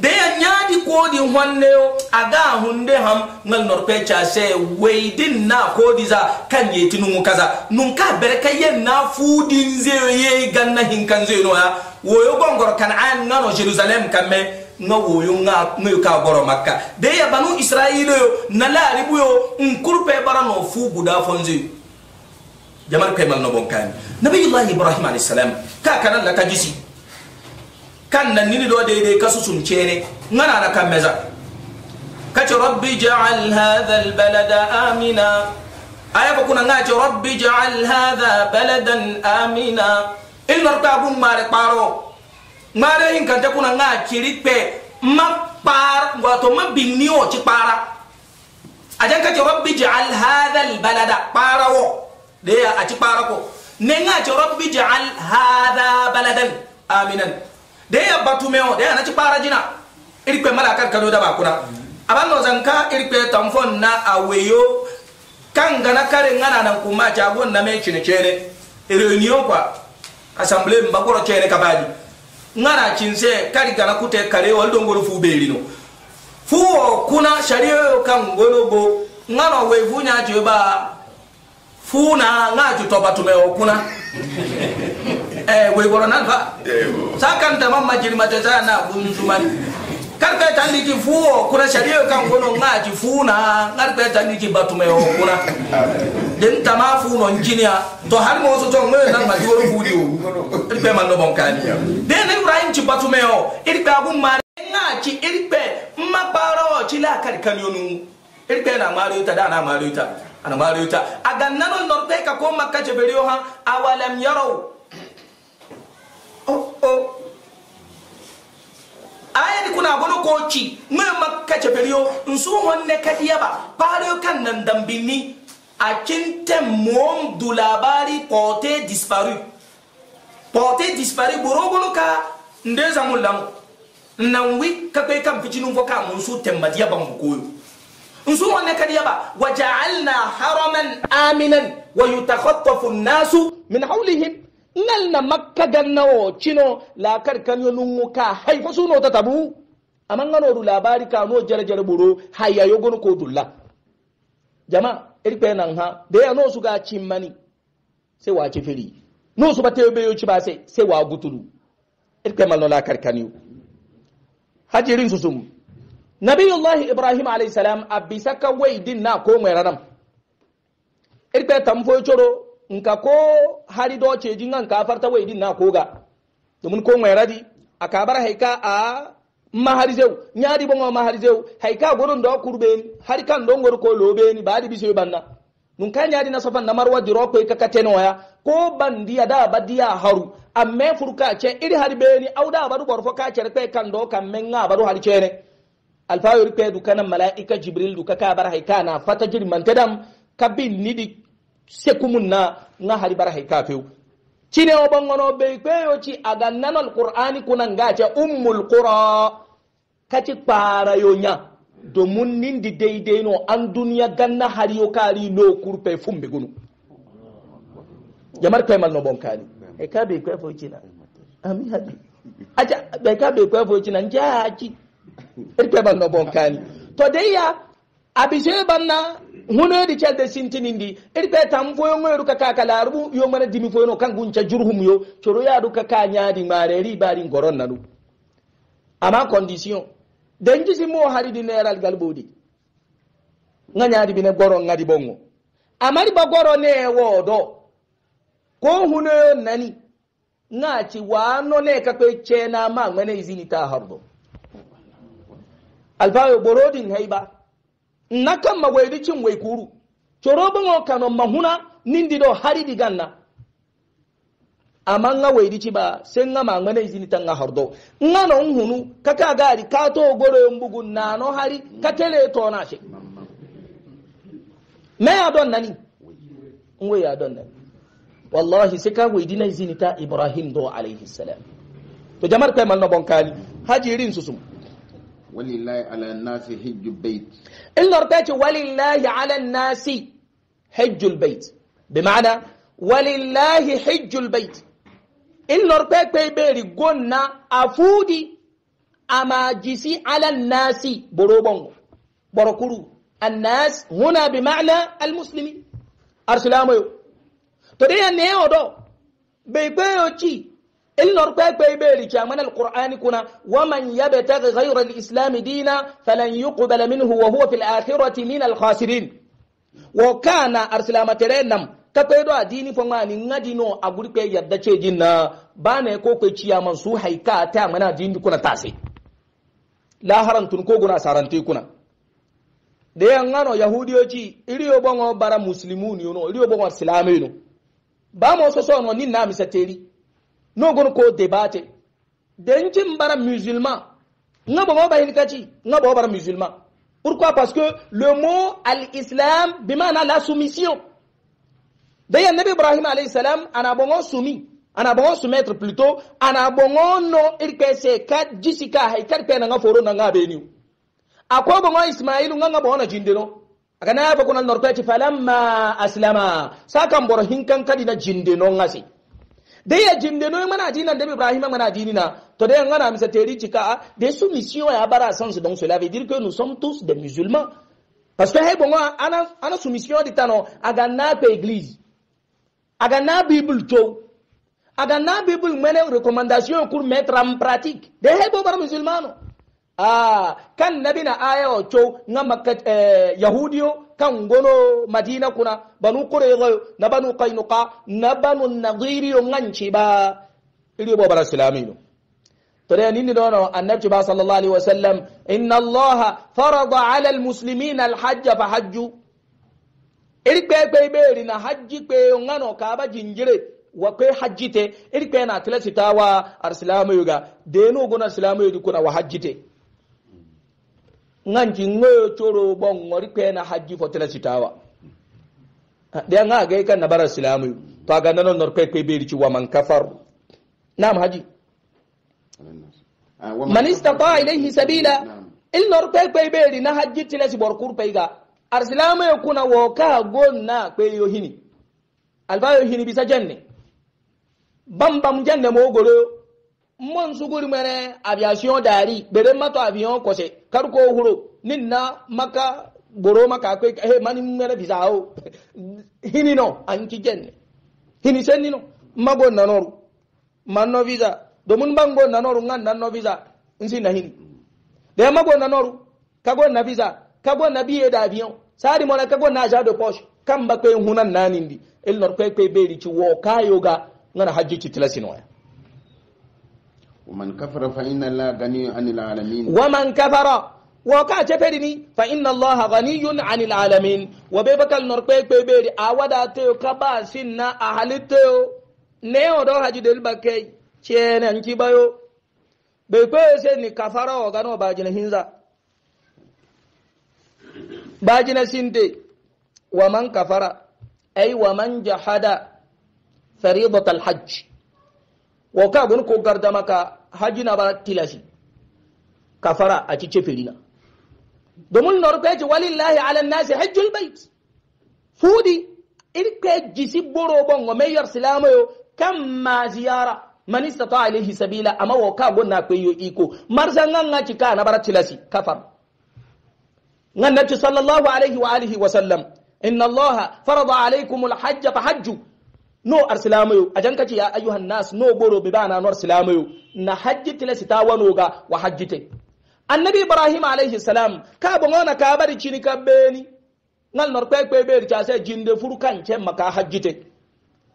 de ya nyaadi koodi honneyo aga hunde ham ngal norpe chase weydin na koodi za kan yeti nungu kaza nun ka berka yen na fuudin zeyo ye ganna hinkan zeyo noya woyo gongor kan an ngano jerusalem kamme nga woyo nga ngayo ka goro makka de ya banu israilo yo na laaribu yo nkurpe barano fu guda fonzeyo jamar kaymal no bonkani nabiyullahi ibrahim alayhi salam ka kanan la kajisi kan nan nini do daidai kasu sun cene ngana na kan meza kace rabbi ja'al hadha al balada amina aya ba kuna ngace rabbi ja'al hadha baladan amina in narta bun mare paro mare in kan ta kuna ngace ripe ma par wato ma binni o ci para ajan kace rabbi ja'al hadha al balada parawo de a ci para ko ne ngace rabbi ja'al hadha baladan aminan de ya batumeo de ya na ci jina iri kpe da aban no tamfon na aweyo kan gana kare ngana nan kuma jagon na me chine chene reunion kwa assemblée mbakoro chene kabadi ngana chinse kari gana kute kare wal fu kuna Eh, weigoro nan fa eh, sa kanta mamma jirimate sa na kunzumani kar kwe tandi ki fuo kuna shario kan kono nga ji funa kar kwe tandi ki batume o kuna den tama funo njinia to har mo so to ngwe nan ma diworo fudi o tripe man no bonkani den ibrahim ci batume o irpe abun ma nga ci irpe mma baro ci la kar kanyonu irpe na mari ta da na mari ta ana mari ta aga nanon norte ka ko makka jeberiyo ha awalam yarau oh oh aya ni kuna bono koci me makka ce periyo nsu honne kadiya ba pare kan nan dambini a kinte mom du labari porté disparu porté disparu boro bono ka nde zamu lamu nan wi ka kai kan ficinin fo ka mun su tembadiya ban koyo wanne honne kadiya ba waja'alna haraman aminan wa yutakhattafu an-nasu min hawlihim nal na makka gannawo cino lakar kanyo nungu ka haifa suno ta tabu amma ngano ru labari ka no jarjar buro hayya yogon ko dulla jama irpe nan ha da ya no su ga cimmani sai wa cifiri no su bate be yo ci ba sai sai wa gutulu irpe mal no lakar kanyo hajirin su susum nabiyullahi ibrahim alayhi salam abisaka waidin na ko mai ranam irpe tamfo coro nka ko hari do jin an kafar ta wai din na koga domin ko mai radi a kabar haika a mahari zew nyaadi bongo mahari zew haika goron do kurbe hari kan don gor ko lobe ni baadi biso banna nun kan nyaadi na safan na marwa jiro ko ka kateno ya ko bandiya da badiya haru amme furka ce iri hari beni auda badu borfo ka cer pe kan do kan menga baru hari cene alfayo ripe du kana malaika jibril du ka kabar haika na fata jirman tadam kabin nidi sekumun na nga hari bara hay kafew cine o bangono be peyo ci aga nanal qur'ani kuna ca ummul qura kaci para yo nya di dey dey no an duniya ganna hari yo kali no kurpe fumbe gunu jamar kay mal no bon kani e ka be kai ci na. ami hadi aja be ka be kai fo na nja ci e er ka mal no bon kani to dai ya abise banna huno di chelde sintinindi edi be tam foyo ngoru kaka kala rubu yo mana dimi foyo no kangun cha jurhum yo choro ya du kaka nyaadi mare ri bari ngoron nanu ama condition denji simo hari di neral galbodi nga nyaadi bine goro ngadi bongo amari ba goro ne wodo ko huno nani nga ci wano ne ka kwe chena ma ne izini ta hardo alfayo borodin haiba na kan ma wayri cin way kuru coro bango kano mahuna nindi do hari diganna amma nga wayri ci ba sen nga ma ngane izini tan nga hordo nga no hunu kaka gari ka to goro mbugu na no hari ka tele to na she me ya don nani ngwe ya don nani wallahi sai ka wayri izini ta ibrahim do alayhi salam to jamar kai mal no bonkali haji irin susum ولله على الناس حج البيت إلا ربيت ولله على الناس حج البيت بمعنى ولله حج البيت إلا ربيت بيبيري قلنا أفودي أما جسي على الناس بروبون بركرو الناس هنا بمعنى المسلمين أرسلامو تدين نيو دو بيبيري إلنور باك بيبيرك من القرآن كنا ومن يبتغ غير الإسلام دينا فلن يقبل منه وهو في الآخرة من الخاسرين وكان أرسلام ترينم كبيرو ديني فماني نجنو أقول كي يبدأ جنا باني كوكي تشيا منسو كاتا منا دين كنا تاسي لا هرم تنكو كوغنا سارنتي كنا da yan يهودي yahudiyo ci iri yo مسلمون bara muslimuni no iri yo bongo islami no ba mo so no avons ko debate avons musulman ba musulman pourquoi parce que le mot al islam bimana la soumission D'ailleurs, Nabi ibrahim alayhi salam ana bongo soumis ana bongo soumettre plutôt ana il no se ka jisika 4 akwa nous avons jindino akana norkati falamma aslama sakan hinkan kadi ngasi de ya jimde no mana dina de Ibrahim mana dinina to de ngana mi sateri chika de soumission ya bara sans donc cela veut dire que nous sommes tous des musulmans parce que hey bon on ana soumission de tano aga na pe église Agana na bible to Agana bible mene recommandation pour mettre en pratique de hey bon bara ah kan nabina ayo o cho ngamba kan gono madina kuna banu qurayza na banu qainuqa na banu nadiri nganci ba iri bo bara islamino to da nini dono annabi ba sallallahu alaihi wasallam inna allaha farada ala almuslimina alhajj fa hajju iri pe pe beri na hajji pe ngano ka ba jinjire wa kai hajjite iri pe na tilasi tawa arsilamu yuga denu gona islamu yuga kuna wa hajjite nganji ngoyo choro bong ngori pena haji fotela sitawa de nga ga kan na bara islamu to aga nanon nor kai kai beri ci ah, wa man kafar nam haji man istata ilayhi sabila il nor kai kai beri na haji tila si bor kur peiga ar paiga arsilamu yakuna wo ka na pe yo hini alba yo hini bisa janne bam bam janne mo goro man suguri mene aviation dari bere mato avion kose kar ko huro ninna maka goro maka kwe he eh, mani mene bisao hini no anki jenne hini senni no mago nanoru manno visa domun bango nanoru ngan nanno visa nsi na hini de mago nanoru kago na visa kago na biye da avion sari mona kago na ja de poche kamba kwe hunan nanindi el nor kwe kwe beri ci wo kayoga ngana hajji ci tilasinoya ومن كفر فإن الله غني عن العالمين ومن كفر وكا تفرني فإن الله غني عن العالمين وبيبك النرقيك بيبيري أودا تيو كبا سنة أهل تيو نيو دو هجي دل بكي چين انكي بايو بيكوي سيني كفر وغنو باجنا هنزا باجنا سنتي ومن كفر أي ومن جحد فريضة الحج woka gon ko gardama ka haji na bara tilasi kafara a ci filina domin na rufe ci walillahi ala nasi hajjul bait fudi ke jisi boro bongo mai yar silama yo kam ma ziyara man istata alayhi sabila ama woka gon na yo iko marzan nga cika na bara tilasi kafar nan nabi sallallahu alayhi wa alihi wa sallam inna allaha farada alaikum alhajj fahajju no arsilamayo kace ya ayyuhan nas no boro be bana no arsilamayo na hajji hajjitile sita ga wa hajji te annabi ibrahim alayhi salam ka bongona ka bari chini ka beni ngal nor pe pe be cha se jinde furu kan che maka te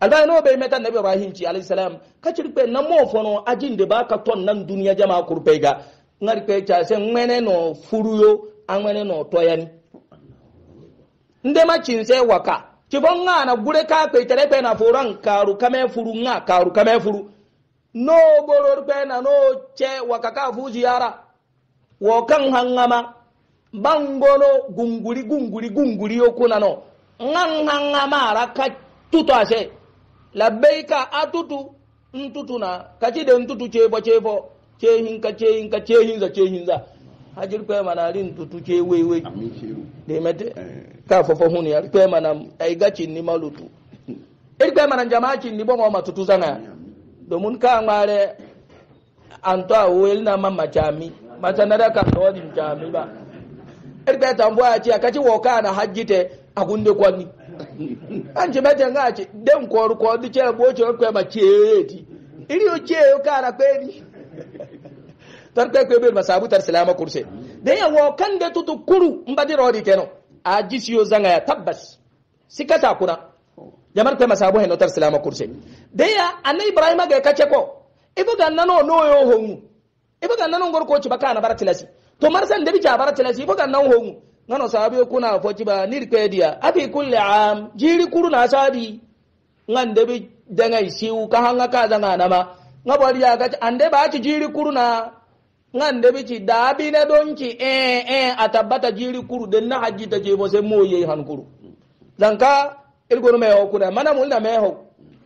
alba no be meta annabi ibrahim ci alayhi salam ka ci pe na mo fono jinde ba ka ton nan duniya jama ga ngar pe cha se ngmene no furuyo angmene no toyani ndema chinse waka cibon ŋa na gure ka kpe tere kpe na foran karu kame furu ŋa karu kame furu no boror kpe na no ce waka ka fu ziyara wo kan hangama bangono gunguri gunguri gunguri yo kuna no ŋan hangama ara ka tutu ase labbeika atutu ntutu na kaci de ntutu cefo cefo cehinka cehinka cehinza cehinza ha jiri kwe mana ari ntutu ke ewe ewe demete ka fofo hunu ya kwe mana aiga chinni malutu iri kwe mana jama'a chinni bongo matutu zana domin ka ngare anto awo el na mamma chami mata na da ka tawadi chami ba iri kwe tambo a ci akaci woka na hajjite agunde kwani ni ci mete nga ci den koru ko di ce bocho kwe ma ci eti iri o ce yo kana kweri tarkwe kwe bel masabu tar salama kurse da ya wo kan de tutu kuru mbadi rodi keno a jisiyo zanga ya tabbas sika sa kuna jamar kwe masabu heno tar salama kurse da ya annabi ibrahima ga kace ko ibu ga nano yo hongu ibu ga nano ngor ko ci baka na baratilasi to marsan da bi ca baratilasi ibu ga nan hongu ngano sahabe kuna foci ba nirpedia abi kulli am jiri kuru na sabi ngan debi dengai siu ka hanga ka zanga nama ngabari ya gaci ande ba ci jiri kuru na ngan de bici dabi na donki eh eh a tabbata jiri kuru den na haji ta je mose moye han kuru zanka ilgon me ho kuna mana mun na me ho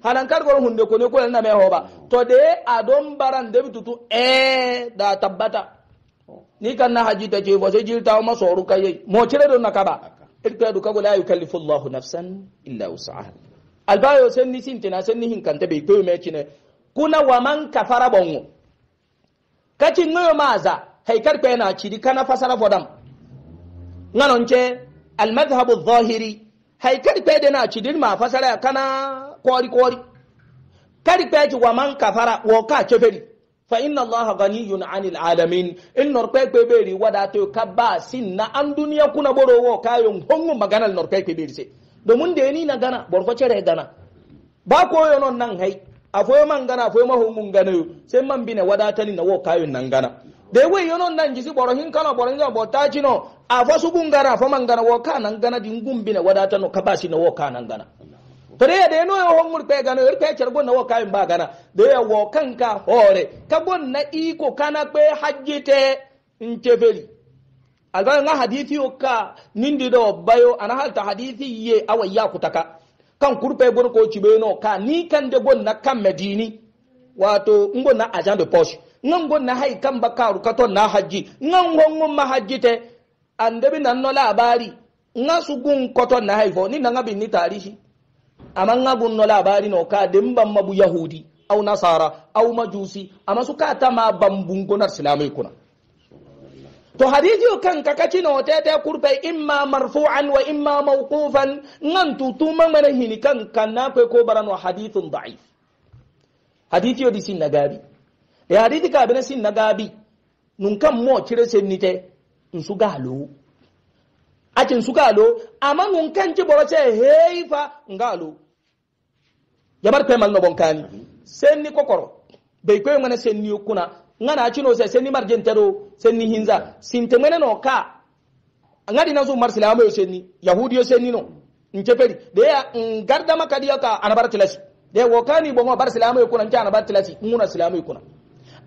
hanan kar gon hunde ko ne ko na me ho ba to de a don baran de bitutu eh da tabbata ni kan na haji ta je mose jiri ta ma soru kai mo cire don na kaba ilka du kago la yukallifu allah nafsan illa wus'aha albayo sen ni sintina sen ni hin be to me kine kuna wa kafara bongo kacin nuyo maza haikar kwa yana ciri kana fasara fodam ngano ce al madhhabu adh haikar kwa de na ma fasara kana kori kori kari kwa ji wa man kafara wa ka cheferi fa inna allah ghaniyun 'anil alamin in nor kwa na beri wada to kabba sinna an duniya kuna boro wo yon hongu magana nor kwa kwa beri se domin da ni na gana borfo cere gana ba koyo non nan hai akwai man gana akwai mahu mun gana yo sai man bine wadatali na wo kayun nan gana da wai yono nan jisi boro hin kana boro hinga bo taji no afo su gun gana fa man gana wo ka nan gana din gun bine wadatano kabasi na wo ka nan gana tore ya da yano ya hon murpe gana yurpe ya chargon na wo kayun ba gana da ya wo kanka hore ka gon na iko kana pe hajjite ntefeli albayan hadithi o ka nindi do bayo ana halta hadithi ye awa ya kutaka kan kurpe gon ko cibe no ka ni kan de gon na kan medini wato ngon na agent de poche ngon gon na hay kan bakaru kato na haji ngon gon ngon ma haji te ande bi nan no labari nga su gun koto na hay fo ni na ngabi ni tarihi amma nga gun no labari no ka de mbam mabu yahudi au nasara au majusi amma su ka ta ma bambun gonar islamai kuna to hadisiyo kan kakacino tete kurpe imma marfuan wa imma mawqufan nan tutuma mana hini kan na kai ko barano hadithun da'if hadisiyo di sin nagabi e hadithi ka na sin nagabi nun kan mo cire su galo. A ake su galo amma nun kan ci boroce heifa ngalo jabar pemal no bonkani ni kokoro be mana sen ni kuna ngana chino se seni marjentero seni hinza sintemene no ka ngadi nazo marsilama yo seni yahudi yo seni no nchepeli de ya ngarda makadi yaka anabara tilasi de wokani bongo bar silama yo kuna nchana bar tilasi nguna silama yo kuna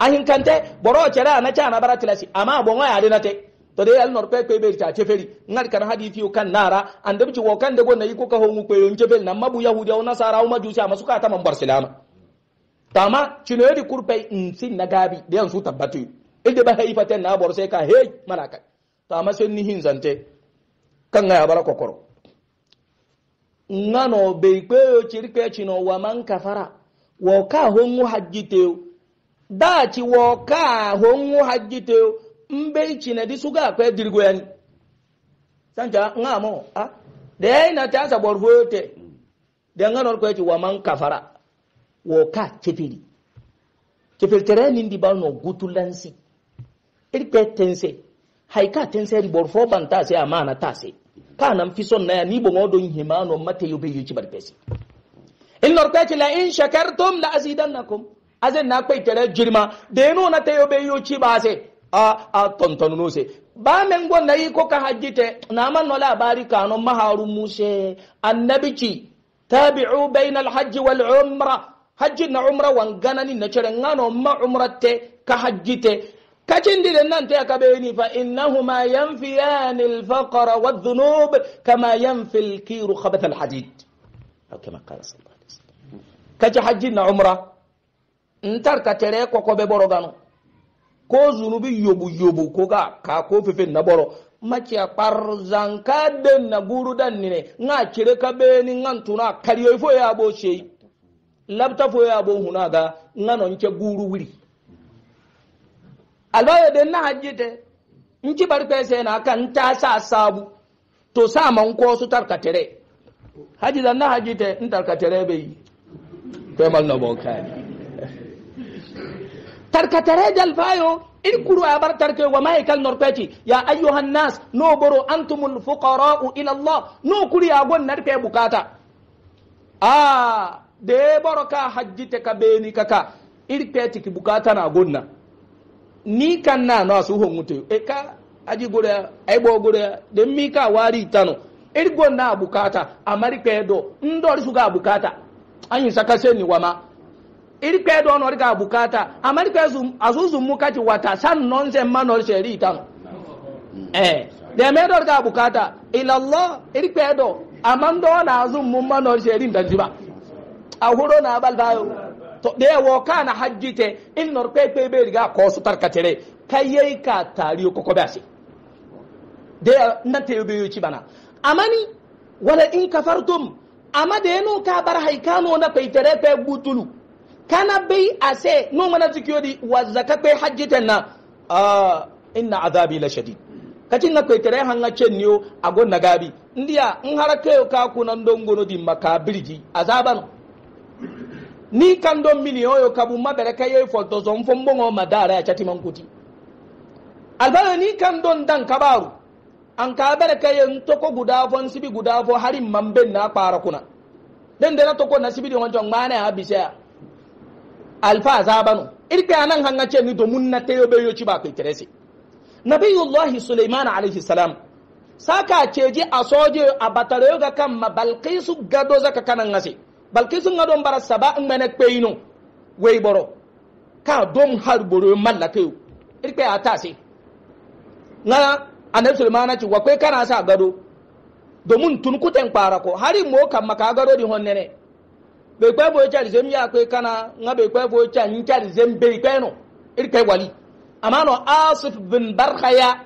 ahin kante boro chera na chana bar tilasi ama bongo ya dinate to de al norpe pe be ta chefeli ngar kan hadithi yo kan nara andabci wokande gonna yiko ka hongu ko yo nchepeli na mabu yahudi au nasara au majusi ama suka ta mambar silama tama chinoyodi kurpe nsi na gabi da yansu tabbatu ilde ba haifaten na bor sai ka hey malaka tama sen ni hinzante kan ya bara kokoro ngano be kweyo chirke chino wa man kafara wo ka hongu hajjiteo da ci wo ka hongu hajjiteo mbe chine di suga kwe dirgo yani sanja ngamo ah, de na ta sa bor hoyote de ngano kweyo wa man kafara woka wo tere ni ndi nin no gutu lansi eri pe tense hay ka tense ri borfo banta se amana tase ka nan fi son na ni bo ngodo hima no mate yobe yuci bar pesi in lor pe la in shakartum la azidannakum azen na pe tere jirma de no na te yobe yuci ba se a a tontonu no se ba men go na yi ko ka hajjite na man no la labari no maharu muse annabici tabi'u bainal hajji wal umrah hajji na umra wangana ni cere ngano ma umra te ka hajji te nante aka ɓeni fa innahuma yanfiyani alfaqara dhunub kama yanfi lkiru khabatha alhadid aw kama qala sal alayhi wa wasallam kachi hajji na umra ntar ka kwa kokoɓe boro gano ko zunubi yobu yobu koga kako ko na boro machi ya parzankade na guru dan nine nga chile ka ɓeni nga ntuna kariyoy fo yaɓo labta fo ya bo hunaga ngano nke guru wiri albayo de na hajjite nci bar pese na kan ta sa sabu to sa man ko su tarkatere haji da na hajjite in tarkatere bai kai mal na boka tarkatere dalbayo in kuru a bar tarke wa mahaikal norpeci ya ayyuhan nas no boro antumul fuqara'u ila allah no kuri agon narke bukata ah da ya ka hajjite ka beni kaka irpeti ki bukata na gonna ni kan na no su hon mutu e ka aji gure ai bo gure mi ka wari tano na bukata amari pedo ndori su ga bukata anyi saka ni wama no ga bukata amari pezu azuzu wata san manor sheri tano eh me do ga bukata ila allah amando na azu sheri ndanjiba ahuro na bal bayo to de wo kana hajjite in nor pe pe be riga ko su tarkatere ka tariyo koko basi de na te be yuci bana amani wala in kafartum amma de no ka bar haikano na peitere pe gutulu kana be ase no mana zikiyo wa zakape hajjite na ah inna azabi la shadid kacin na kwaitere hanga chenyo agon ndiya ndia nhara kayo ka kunan dongono di makabirji azaban ni kan do miliyon kabu mabere ka ye fo to zon fo mbongo madara ya chati mankuti albalo ni kan don kabaru an ka bere ka ye ntoko guda fo nsibi guda fo hari mambe na para kuna den dena toko na sibi on jong mana ya bisa alfa zabanu irka anan hanga ce ni do munna te yo yo ci ba kai teresi nabiyullahi sulaiman alayhi salam saka ceji asoje abatare ga kan mabalqisu gado zaka kanan ngase balkisu nga don bara saba ngmene kpeyino wey boro ka dom har boro malla teu irpe atase nga annabi sulmana ci wakwai kana sa gado domin tun kuten kwara ko hari mo kan maka gado di honne ne be kwe bo cha zem ya kwe kana nga be kwe bo cha ncha zem be kwe no irpe wali amano asif bin barkhaya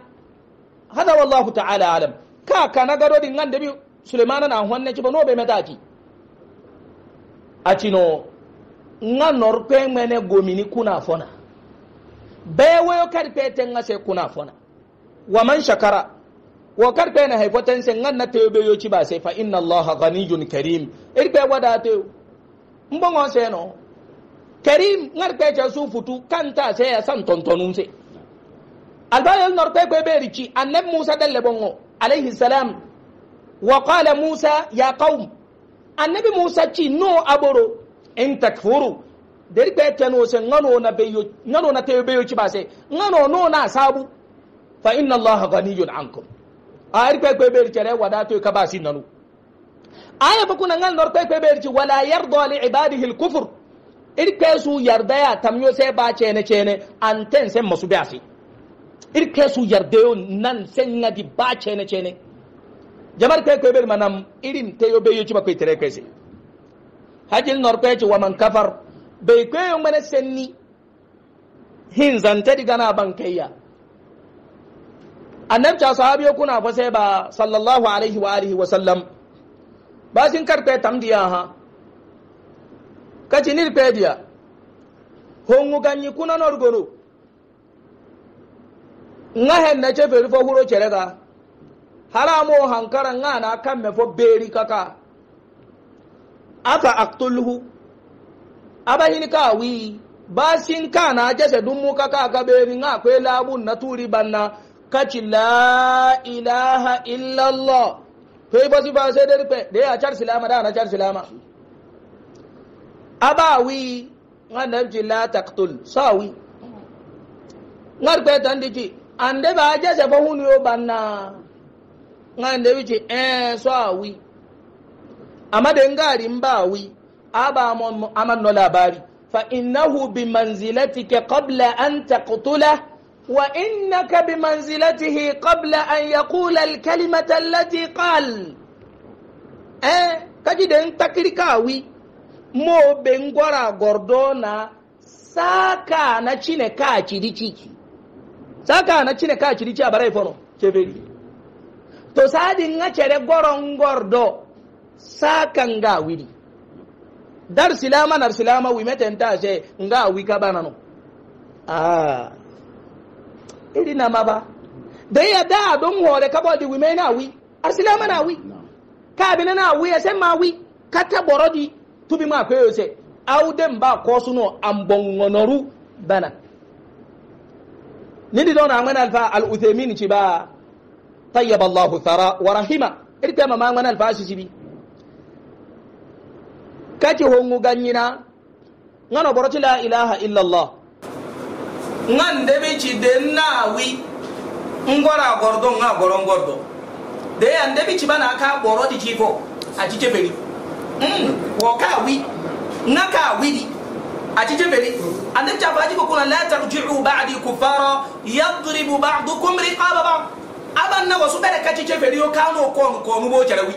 hada wallahu ta'ala alam ka kana gado di ngan debi sulmana na honne ci ba no be metaci acino nga norpe mene gomini kuna fona beweyo karpete nga se kuna fona waman shakara wo karpe na haifotense nga na tebe yo ci ba se fa inna allaha ghaniyun karim irpe wada te mbongo se no karim nga rpe ce kanta se ya san tontonun se albayel norpe kwe berici annab musa dalle bongo alayhi salam wa qala musa ya qaum annabi musa ci noo aboro in takfuru deri be teno se ngano na beyo ngano na teyo beyo ci base ngano no na sabu fa inna allaha ghaniyun ankum aa ir pe pe be cere wada to ka basi nanu aa ba kuna ngal nor pe pe be ci wala yarda li ibadihi al kufr ir pe su yarda tamyo se ba cene cene anten se masu biasi ir pe su yarda yo nan sen ngadi baa cene cene jamar kai kai bel manam irin ta yo be yo ci bakoy tere kai sai hajil nor kai ci man kafar bai kai yo mana sanni hin zanta diga na bankayya sahabi ya kuna fa sai ba sallallahu alaihi wa alihi wa sallam ba sin karpe tamdiya ha kaci nil pediya hongu ganyi kuna norgoro ngahen hen na cheferi fo huro ga haramo hankara nga na kan me fo beri kaka aka aktulhu abahini ka wi basin ka na jese dummu kaka ka beri nga kwe labun na turi banna kaci la ilaha illallah fe ba su ba sai da rufe da ya car silama da na car silama abawi wannan ji la taqtul sawi ngar pe tan di ande ba jese fo hunu yo banna ngande wici en so awi amma da ngari mba awi aba mo aman no labari fa innahu bi manzilatika qabla an taqtula wa innaka bi manzilatihi qabla an yaqula al kalimata allati qal eh kaji den takirika awi mo be ngwara gordona saka na chine ka chirichiki saka na chine ka chirichi abara ifono chebeli to sadi nga cere goron gordo sakan ga wiri dar silama nar silama wi meten ta she nga wi ka bana no ah iri na maba da ya da don hore ka bodi wi me na wi ar silama na wi ka bi na wi ya se ma wi kata borodi tubi ma ko yo se ko suno ambongonoru bana nidi don amana alfa al uthaymin ci ba tayyaba allahu thara wa rahima iri tema mangana alfasi sibi kati hongu ganyina ngano boroti la ilaha illa allah ngan debe ci den nawi ngora gordo nga goron gordo de an debe ci bana ka boro di kifo a ci tebeli mm wo ka wi nga ka wi di a ci tebeli an ta baji ko kuna la tarji'u ba'di kufara yadribu ba'dukum riqaba ba'd na wasu bere kaci ce feriyo kano kon ko mu bo jarawi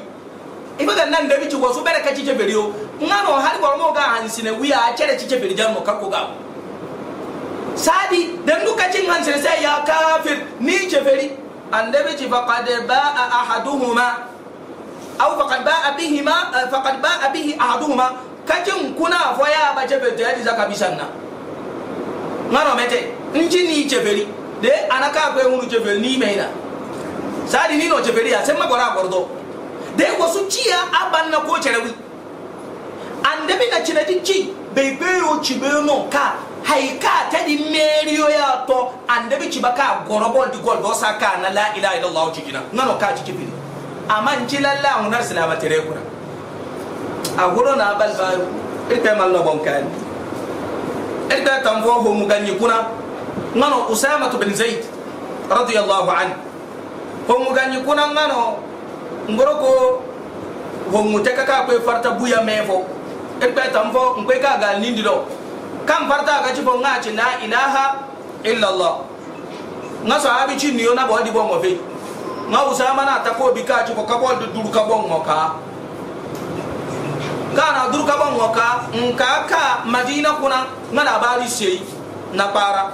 ifa dan nan da ci wasu bere kaci ce feriyo no har gor mo ga hansine wiya cere ci ce feri janno kakko ga sadi dan duka cin sine sai ya kafir ni ce feri annabi ci faqad ba'a ahaduhuma aw faqad ba'a bihima eh, faqad ba'a bihi ahaduhuma kacin kuna foya ba ce feri ya yadi zaka na ngaro mete inji ni ce feri de anaka ko hunu ce feri ni meina sari ni no jeferiya sai magwara gwardo dai wasu ciya aban na ko cerewi andabi na cinadi ci bai bayo ci bayo no ka hai ka ta di meriyo ya to andabi ci baka gorobol di gol do saka na la ilaha illallah ci jina nano ka ci kifili amma nci lalla hunar silama tere kuna a guro na bal bayo irpe mal no bonkan tamfo ho muganyi kuna nano usama bin zaid radiyallahu anhu hongu ganyi kuna ngano ngoro ko hongu te kaka kwe farta buya mefo ekpe tamfo nkwe ka ga nindi kam farta ga ci fo nga ci na ilaha illa allah nga sahabi ci niyo na bodi bo fe nga usama na ta ko bi ka ci fo ka bodi duru ka bon mo ka na duru ka bon ka nka ka madina kuna nga na bari sei na para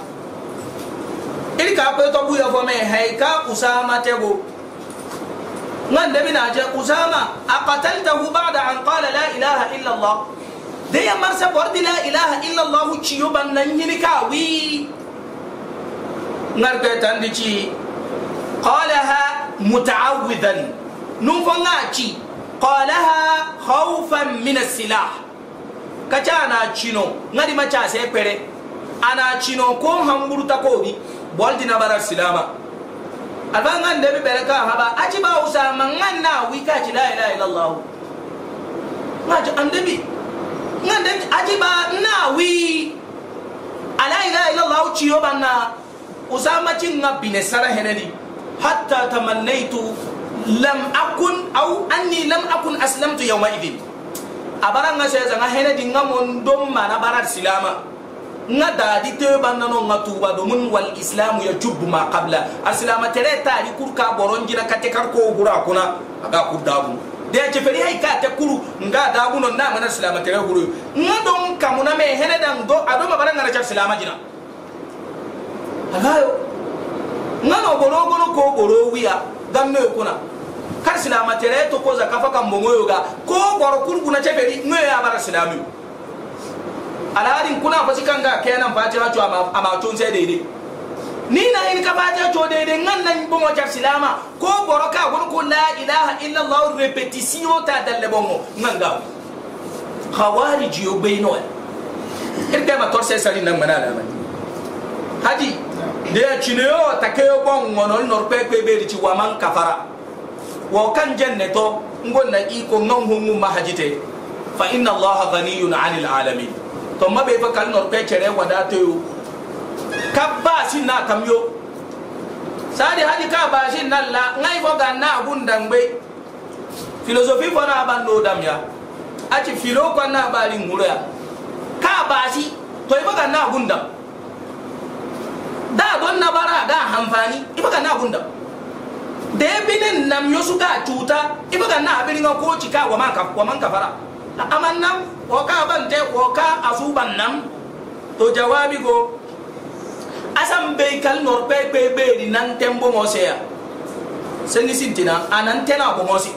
ili ka ko to buyo fo me hay ka usama tego ngan da bina je usama aqataltahu ba'da an qala la ilaha illa allah de ya marsa bordi la ilaha illa allah ciyo ban nan yini ka wi ngar ko tan di ci qalaha muta'awwidan nun fo nga ci qalaha khawfan min as-silah kacha na chino ngadi macha se pere ana chino ko hamburuta ko bi bol dina bara silama alfa ngan debi bere ka haba aci ba usa ma ngan na wi ka ci la ilaha illallah ngan ci an debi ngan debi aci ba na wi ala ilaha illallah ci yo banna usa ma ci nga bine sara henedi hatta tamannaitu lam akun aw anni lam akun aslamtu yawma idin abara nga seza nga henedi nga mon dom mana bara silama nga daadi teo no nga tuba domin wal islamu ya jubbu ma qabla aslama tere tari kur ka boronjina kate kar ko gura kuna aga kur dabu de ce feri hay ka te kuru nga dabu no na mana islama tere guru nga don kamuna me hene dan do ado ma baranga na islama jina agayo nga no goro goro ko goro wiya dan ne kuna kar islama tere to ko zakafa kan mo ga ko goro kurgu na ce feri ngoyo bara islamiyo alhalin kuna fasi kanga kenan fatiha cho ama tun sai daidai ni na in ka fatiha cho daidai ngan nan bongo jab silama ko boroka gon ko la ilaha illa allah repetition ta dalle bongo ngan ga khawarij yo beino irte ma torse sari nan mana la hadi de chineo takeo bongo non nor pepe beri ci waman kafara wa kan jannato ngon na iko ngon hungu mahajite fa inna allaha ghaniyun 'anil alamin to ma be fa kan nor pe wada to yo ka ba na tam yo sadi hadi ka ba na la ngai fo gan na bun dan be philosophy fo na ban do dam ya aci filo ko na ba li ngura ya ka ba si to ifa gan na bun dam da don na bara da hamfani ifa gan na bun dam da binin nam yosu ka cuta ifa gan na abirin ko ci ka wa man ka aman nam woka bante woka afu ban nam to jawabi go asan be kal nor pe pe be di nan tembo mo seya sengi sintina anan tena bo mo si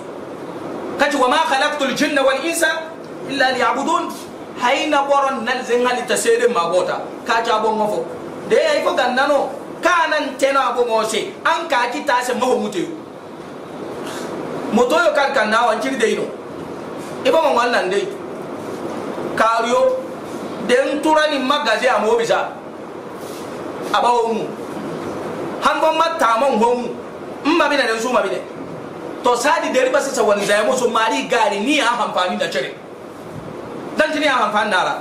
kati wa ma khalaqtul jinna wal insa illa liya'budun hayna boron nan zengali tasede magota ka ta bo mo fo de ay ko gannano kanan tena bo mo se an ka kita se mo mute moto yo kan kan na wan kiri de ino ifa mo ngal nan dai kariyo den turani magaze a mo bisa abawo mu hango matta mon homu mma bina den su ma bine to sadi deri basa sa wani zayamo so mari gari ni a hamfani da cire dan a hamfani nara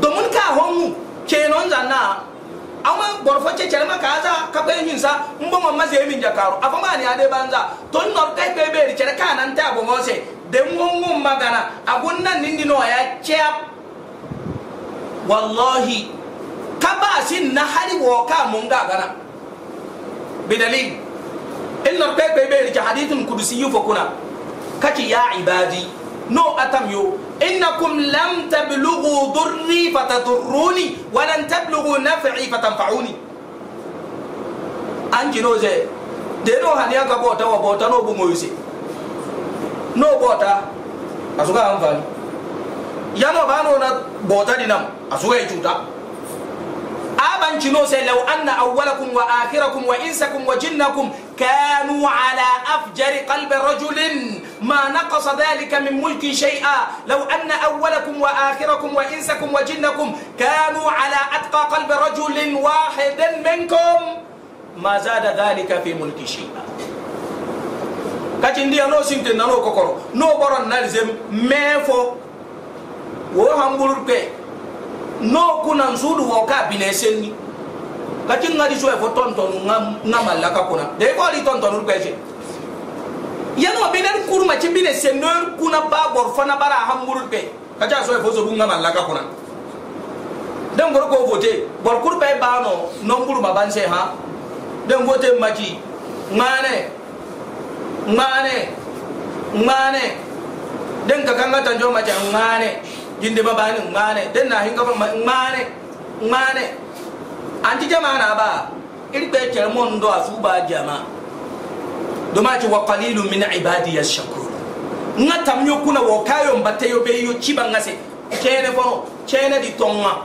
domin ka homu kenon zanna ama borfo cecere ma kaza ka be hinsa mbo ma maze mi jakaro afa ma ni ade banza ton no kai be be ri cere kana nta abo ngose de ngongo magana agunna nindi no ya chea wallahi kaba sin na hari wo ka munga gana bidalil inna kai be be ri hadithun kudusi yufo kuna ya ibadi نو أتم يو إنكم لم تبلغوا ضري فتضروني ولن تبلغوا نفعي فتنفعوني أنجي نوزي دينو هنيا كبوتا وبوتا نو بمويسي نو بوتا أسوكا أنفاني يانو بانو نا بوتا دينام أسوكا يجوتا abancino se law anna awwalakum wa akhirakum wa insakum wa jinnakum كانوا على أفجر قلب رجل ما نقص ذلك من ملك شيئا لو أن أولكم وآخركم وإنسكم وجنكم كانوا على أتقى قلب رجل واحد منكم ما زاد ذلك في ملك شيئا kati ndiya no sinte nano kokoro no boron nalizem mefo wo hambulur pe no kuna nsudu wo ka bine senni kati ngadi so fo tontonu ngama la ka kuna de ko ali tontonu kweje yano binen kurma ci bine senno kuna ba gor fana bara hamburu pe kati so fo so ngama la ka kuna den gor ko vote gor kurba e bano non kurma banse ha den vote maki ngane ngane ngane den ka kanga tanjo maki ngane jinde ma bani ngmane den na hinga ma ngmane ngmane anti jama na ba iri be mo ndo asu ba jama do ma ci wa qalilun min ibadi yashkur nga tam yo kuna wo kayo mbate yo be yo chiba ngase cene fono cene di tonga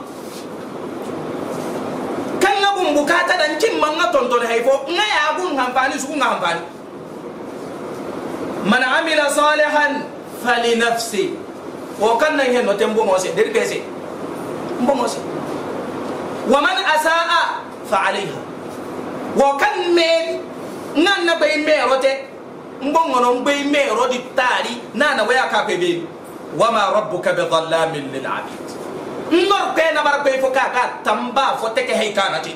kan nga bum bukata dan cin manga tonton haifo nga ya gun hanfani su nga hanfani man amila salihan falinafsi nafsi wo kan nan hen noten bo mose der pese bo mose wa man asaa fa alaiha wo kan me nan na bay me rote mbo ngono bay me rodi tari nana waya ka pe be wa ma rabbuka bi dhallamin lil abid ndor pe na bar pe fo ka tamba fo teke hay kanati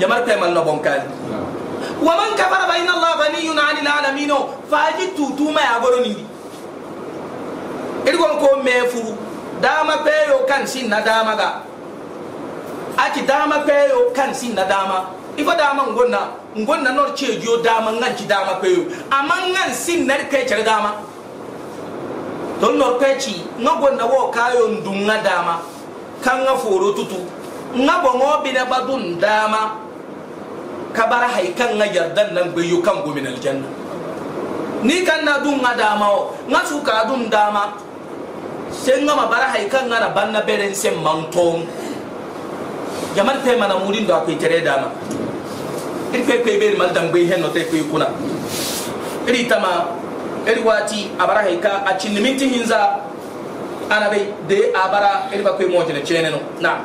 yamar pe man no bon kali wa kafara bayna allah ghaniyun 'anil alamin fa ajitu tuma ya goroni eri gon ko me furu dama peyo kan sin na dama ga aki dama yo kan sin na dama ifa dama ngonna ngonna nor chejo dama nganci dama peyo amma ngan sin na ke cer dama don nor peci ngonna wo kayo ndunga dama kan nga foro tutu nga bongo bina badun dama kabara hay kan nga yardan nan gbe yukan gominal janna ni kan na dun nga dama o nga su ka dun dama senga mabara haikan ngana banna beren sem mantong jaman te mana murin do ko itere dama ir pe pe ber mal dangbe hen no te ko kuna iri tama iri wati abara haika a cinnimiti hinza ana de abara iri ba ko mo tene chene na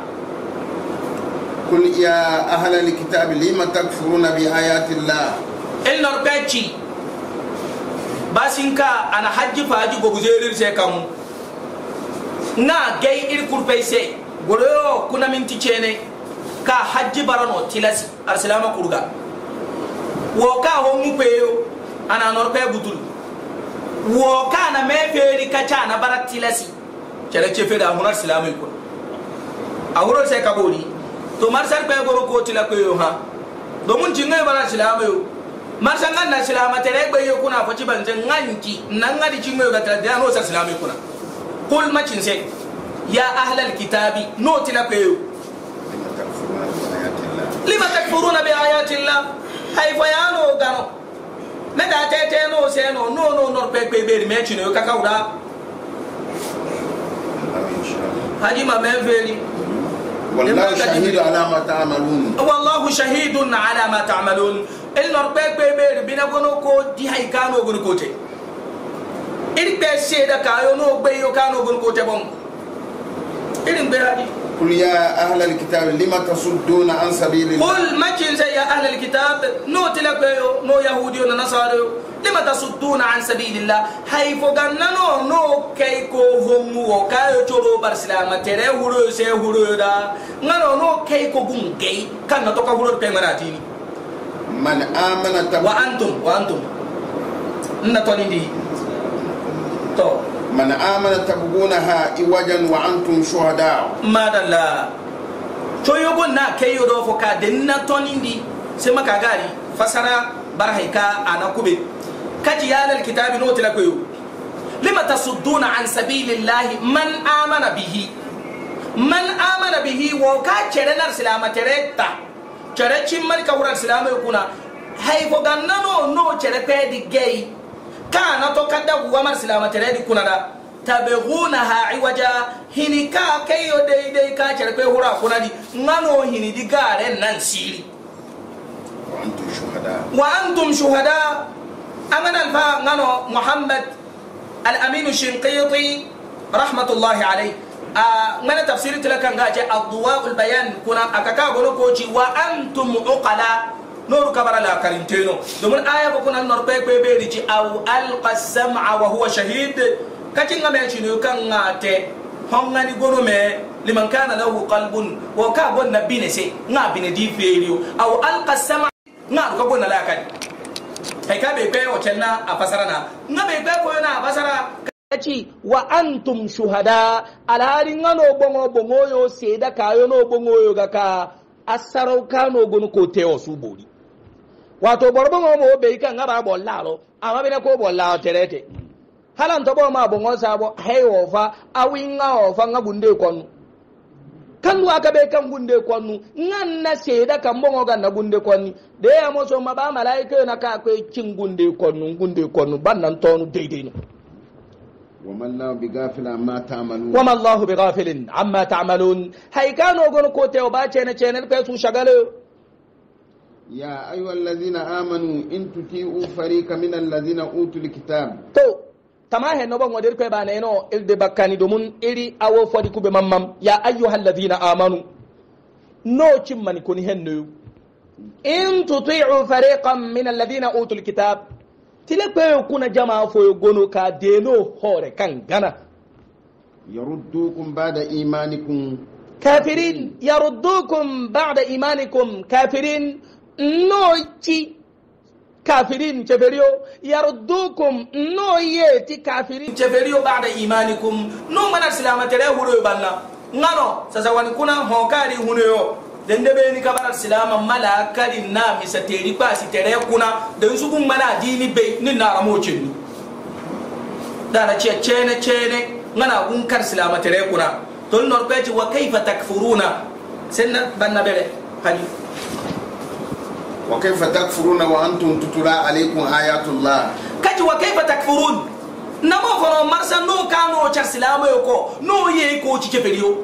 kul ya ahla alkitab lima takfuruna bi ayati allah el norbechi basinka ana hajji faji gobuzerir se kamu nga gay ir kurpeise goloyo kuna minti chene ka haji barano tilasi arsilama kurga wo ka hongu peyo ana norpe butul wo ka na me feri ka cha na barat tilasi chere chefe da hunar silama ko awuro se ka bori to marsar pe goro ko tila yo ha domun jinga bara silama yo marsan ngan na silama tere gbe yo kuna faci banjan nganki nan ngadi jinga yo ga tradano sa silama kuna قل ما تنسي يا أهل الكتاب نوتنا كيو لما تكفرون بآيات الله هاي فيانو غانو مدى تيتينو سينو نو نو نور بيك بيبير ميتشنو كاكاودا هاجي ما من فيري والله شهيد على ما تعملون والله شهيد على ما تعملون النور بيك بيبير بينا غنو كو دي هاي كانو غنو كوتي iri gbɛɛ seeda kaa yoo n'o gbɛɛ yoo kaa n'o bon k'o tɛ bon iri kul ya ahlal kitab lima tasudduna an sabili. kul ma kin sɛ ya ahlal kitab n'o tila gbɛɛ n'o yahudi yoo nana saare yoo lima tasudduna an sabili la hayi fo ka nanu n'o kɛyi ko homu wo kaa coro bari silaama tere wuro yoo sɛ wuro yoo daa n'o kɛyi ko gun gɛyi ka na tɔgɔ wuro pɛn ŋana a man amana tabu. wa an wa an tun n natɔli من آمن تبغونها إوجا وأنتم شهداء ما دلا to yogon na kai yodo fo ka den na tonindi sai maka gari fasara barhaika ana kube kaji yalal kitabi no tila koyo lima tasudduna an sabilillahi man amana bihi man amana bihi wo ka cere nar silama cere ta cere cin marka wurar silama kuna haifo ganna no no cere pedi gay kana to kanda wamar silama tere di kunada tabghunaha iwaja hini ka keyo deidei ka cere kwe hura kunadi ngano hini di gare nan siri wa antum shuhada amana alfa ngano muhammad al-aminu shinqiti rahmatullahi alayhi a mana tafsiri tilakan gaje adwa'ul bayan kuna akaka gono koji wa antum uqala noru kabara la karinteno domin aya ko kunan nor pe pe beri ci aw alqa sam'a wa huwa shahid kacin ga mai cinu kan ngate hongani gono me liman kana lahu qalbun wa ka gon nabi ne se nga bine di feriyo aw alqa sam'a nga ko gon la a fasara na nga be pe ko na a wa antum shuhada alhali nga no bongo bongo yo seda kayo no bongo yo ga ka asarau kano ko tewa su bori wato borbo ngo mo be kan ngara bollaro amma bina ko bollaro terete halan to bo ma bongo sabo hey wo awinga ofa fa ngabunde konu kandu aka be kan gunde konu ngan na seda kan bongo ga na gunde konni de ya mo so ma ba malaika na ka ko cin gunde konu gunde konu bannan tonu deidei no وما الله بغافل عما تعملون وما الله بغافل عما تعملون هاي كانوا يقولوا كوتي وباتشينا تشينا الكيس وشغلوا يا أيها الذين آمنوا إن تطيعوا فريقا من الذين أوتوا الكتاب تو تما هي نوبا مودير كوي بانينو إل دي بكاني دومون إلي أو فودي كوبي مامام يا أيها الذين آمنوا نو تشماني كوني هنو إن تطيعوا فريقا من الذين أوتوا الكتاب تلك يكون جماعة فيغونو كادينو هوري كان غانا يردوكم بعد إيمانكم كافرين يردوكم بعد إيمانكم كافرين noci kafirin ceferiyo yardukum no yeti kafirin ceferiyo bada imanikum no mana silamatere huroyo banna ngano sasa wani kuna hokari hunoyo den de ɓeni kabarar silama mala kari na misa teri kpasi tere kuna den sugu mana dini be ni naramo cenni dana cia cene cene ngana gun kar silama tere kuna ton norpeci wa kaifa takfuruna senna banna bere hadi wa kaifa takfuruna wa antum tutula alaykum ayatullah kaji wa kaifa takfurun namo fono marsa no kano char silama yoko no ye ko ci cefeliyo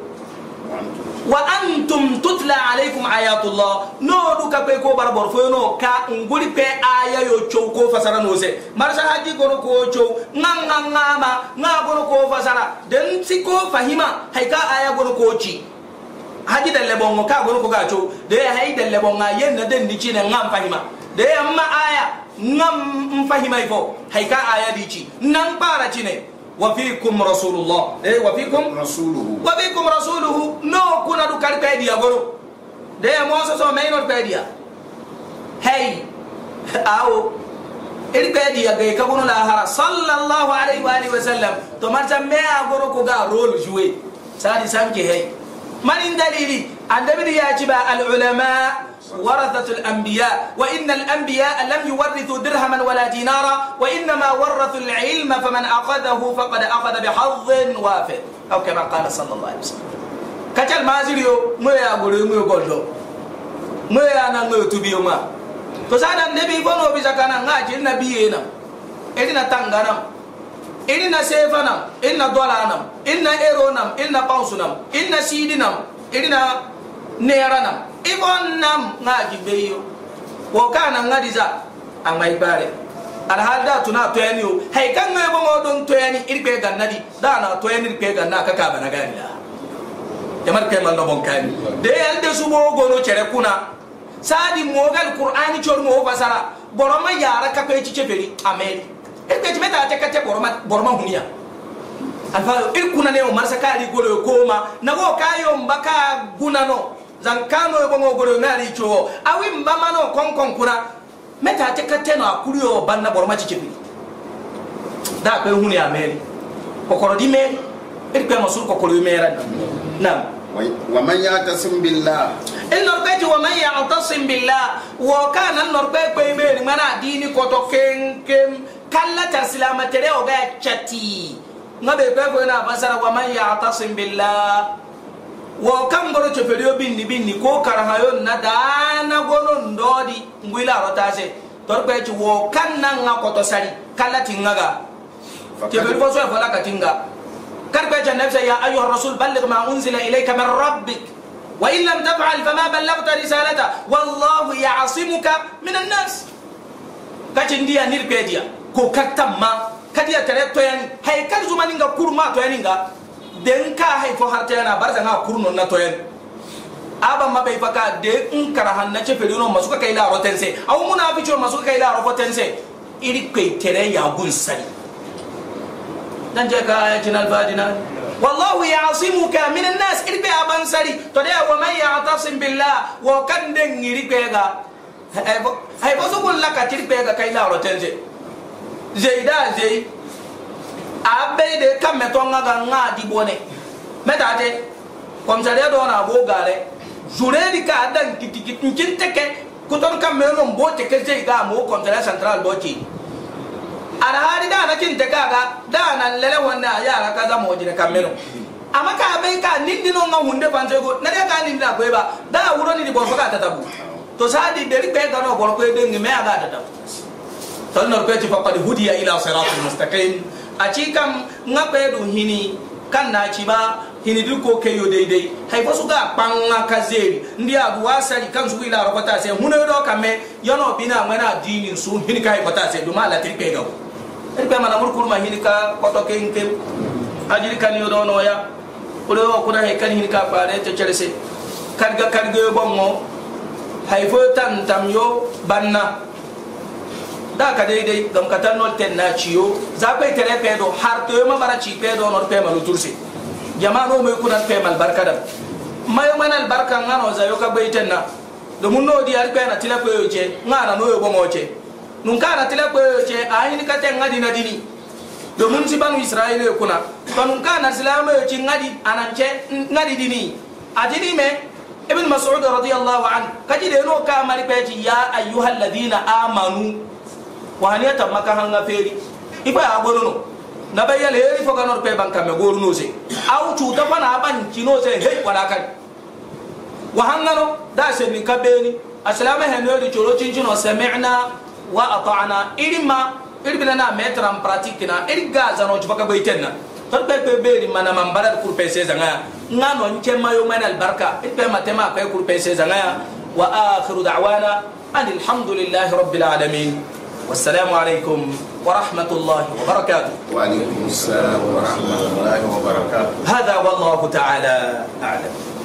wa antum tutla alaykum ayatullah no du ka pe ko barbor fo no ka nguri pe aya yo chow ko fasara no se marsa haji gono ko chow nganga ngama nga gono ko fasara den si ko fahima haika aya gono ko ci haji dalle bongo ka gonu ko ga cho de hay dalle bonga yen na den dichi ne ngam fahima de amma aya ngam fahima ifo hay ka aya dichi nan para chine wa fikum rasulullah de wa fikum rasuluhu wa fikum rasuluhu no kuna du kar pe dia gonu de mo so so me no pe dia hey awo irɓeeɗi a gay kagono lahara sallllahu alayhi wa alihi wa sallam to marta me a goro ko ga rôle joué sadi samke hey من دليلي النبي يجب العلماء ورثة الأنبياء وإن الأنبياء لم يورثوا درهما ولا دينارا وإنما ورثوا العلم فمن أخذه فقد أخذ بحظ وافر أو كما قال صلى الله عليه وسلم كتل ما مو مازيريو مويا غوري مويا مو يا أنا مو تبيو ما فسانا النبي فنو بزكانا ناجي النبي هنا إذن تنغرم ini na sefa nam ini na dola nam ini na euro nam ini na nam ini na cedi nam ini na naira nam ibon nam nga gibeyo wo kana ngadiza amai bare alhal tuna toyani yo hay kan ngai bongo don toyani irpe gannadi da na toyani irpe ganna kaka bana gani da jamar kai mal bon kani de al de sumo gono chere kuna sadi mogal qur'ani chor mo fasara boroma yara ka pe ci cheferi ameri e te jime ta tekete boroma boroma hunia alfa il kuna ne o marsa kali golo koma nago kayo mbaka gunano zankano yebo ngogoro ngari cho awi mbamano konkon kuna meta tekete no akuri o banna boroma chichepi da pe hunia meli kokoro di meli il pe masul kokoro mera nam ومن يعتصم بالله إن نرقيت ومن يعتصم بالله وكان النرقيت بيمين منا ديني كتو كين كين kalla tar silamatere o ga chati ngabe ko ko na basara wa man ya'tasim billah wo kan goro cofeliyo binni binni ko karahayo na dana gono ndodi ngwila arotase torpeci wo kan na nga koto sari kala tingaga cofeli fo soye fola ka tinga karpeci annabisa ya ayuha rasul ballig ma unzila ilayka min rabbik wa in lam tafal fama ballagta risalata wallahu yasimuka min annas kaci ndiya nirpediya ko kattamma kadiya tare toyani hay kal zumani nga kurma toyani nga den ka hay fo har tayana barza nga kurno na toyani aba bai faka de un karahan na chefe no masuka kai la rotense aw muna fi cho masuka kai la rotense iri kai tere ya gun sari dan je ka ayatin albadina والله يعصمك من الناس إربي أبان سري تدعي ومن يعتصم بالله وكان دن إربي هاي بسوكم لك تربي كي لا روتنجي zei da zei a bɛɛ de ka mɛ tɔn ka ŋa di bɔ ne mɛ kɔmisariya dɔ na a b'o ga dɛ zure di k'a da nkitikiti nkin tɛ kɛ kutɔn ka mɛ lɔn b'o tɛ kɛ zei a m'o kɔmisariya santaral bɔ ci alahari da na kin tɛ k'a ka da na lɛlɛ wɔn na a y'a ka za mɔgɔ jɛnɛ ka mɛ lɔn a ma k'a bɛɛ ka ni dinu ka hunde fan seko ne de k'a ni dina ko e ba da wuro ni di bɔ fo k'a tatabu to saa di deri kpɛ ka n'o bɔrɔ ko e den ŋi mɛ a k'a tatabu tolnor kueti faqad hudiya ila siratin mustaqim aci kam ŋa kpe du hini kan na ciba hini du ko keyo deidei hay fo suga kpaŋa ka zeeri ndi adu wa sari kan sugu ila rokota se hunoyo do kame yono bina ŋmena dinin sun hini ka hikota se duma latiri kpe gawo eri kpe malamur kurma hini ka koto keyin kew ajiri kaniyo do noya olo kuna he kan hini ka kpare to cerese karga karga yo bongo hay fo tan tam yo banna da ka dai dai gam katan nol ten na ciyo za ko tere pedo har to ma bara ci pedo nor pe malu turse jama'ano mai kunan pe mal barka da mayo manal barka ngano za yo ka ten na do mun no di ar pe na tile ko yo je ngana no yo bo mo je nun na tile ko yo je a hin ka ten ngadi na dini do mun si banu israile yo kuna to nun na silama yo ci ngadi che ngadi dini dini me ابن مسعود رضي الله عنه كجي دينو كامل بيجي يا ايها الذين امنوا wahaniya tamma ka hanga feri ifa ya gonono na bayyana heri foga nor pe banka me goru no se au cuta fa na ban kino se he wala kan wahanga no da se ni kabeni aslama he no di choro chinchi no sami'na wa ata'na irima irbina na metra en pratique na irga za no jubaka goitenna tor pe pe beri mana mambara kur pe se zanga ngano nche mayo mana albarka irbe matema pe kur pe se zanga wa akhiru da'wana anil hamdulillahi rabbil alamin والسلام عليكم ورحمة الله وبركاته وعليكم السلام ورحمة الله وبركاته هذا والله تعالى أعلم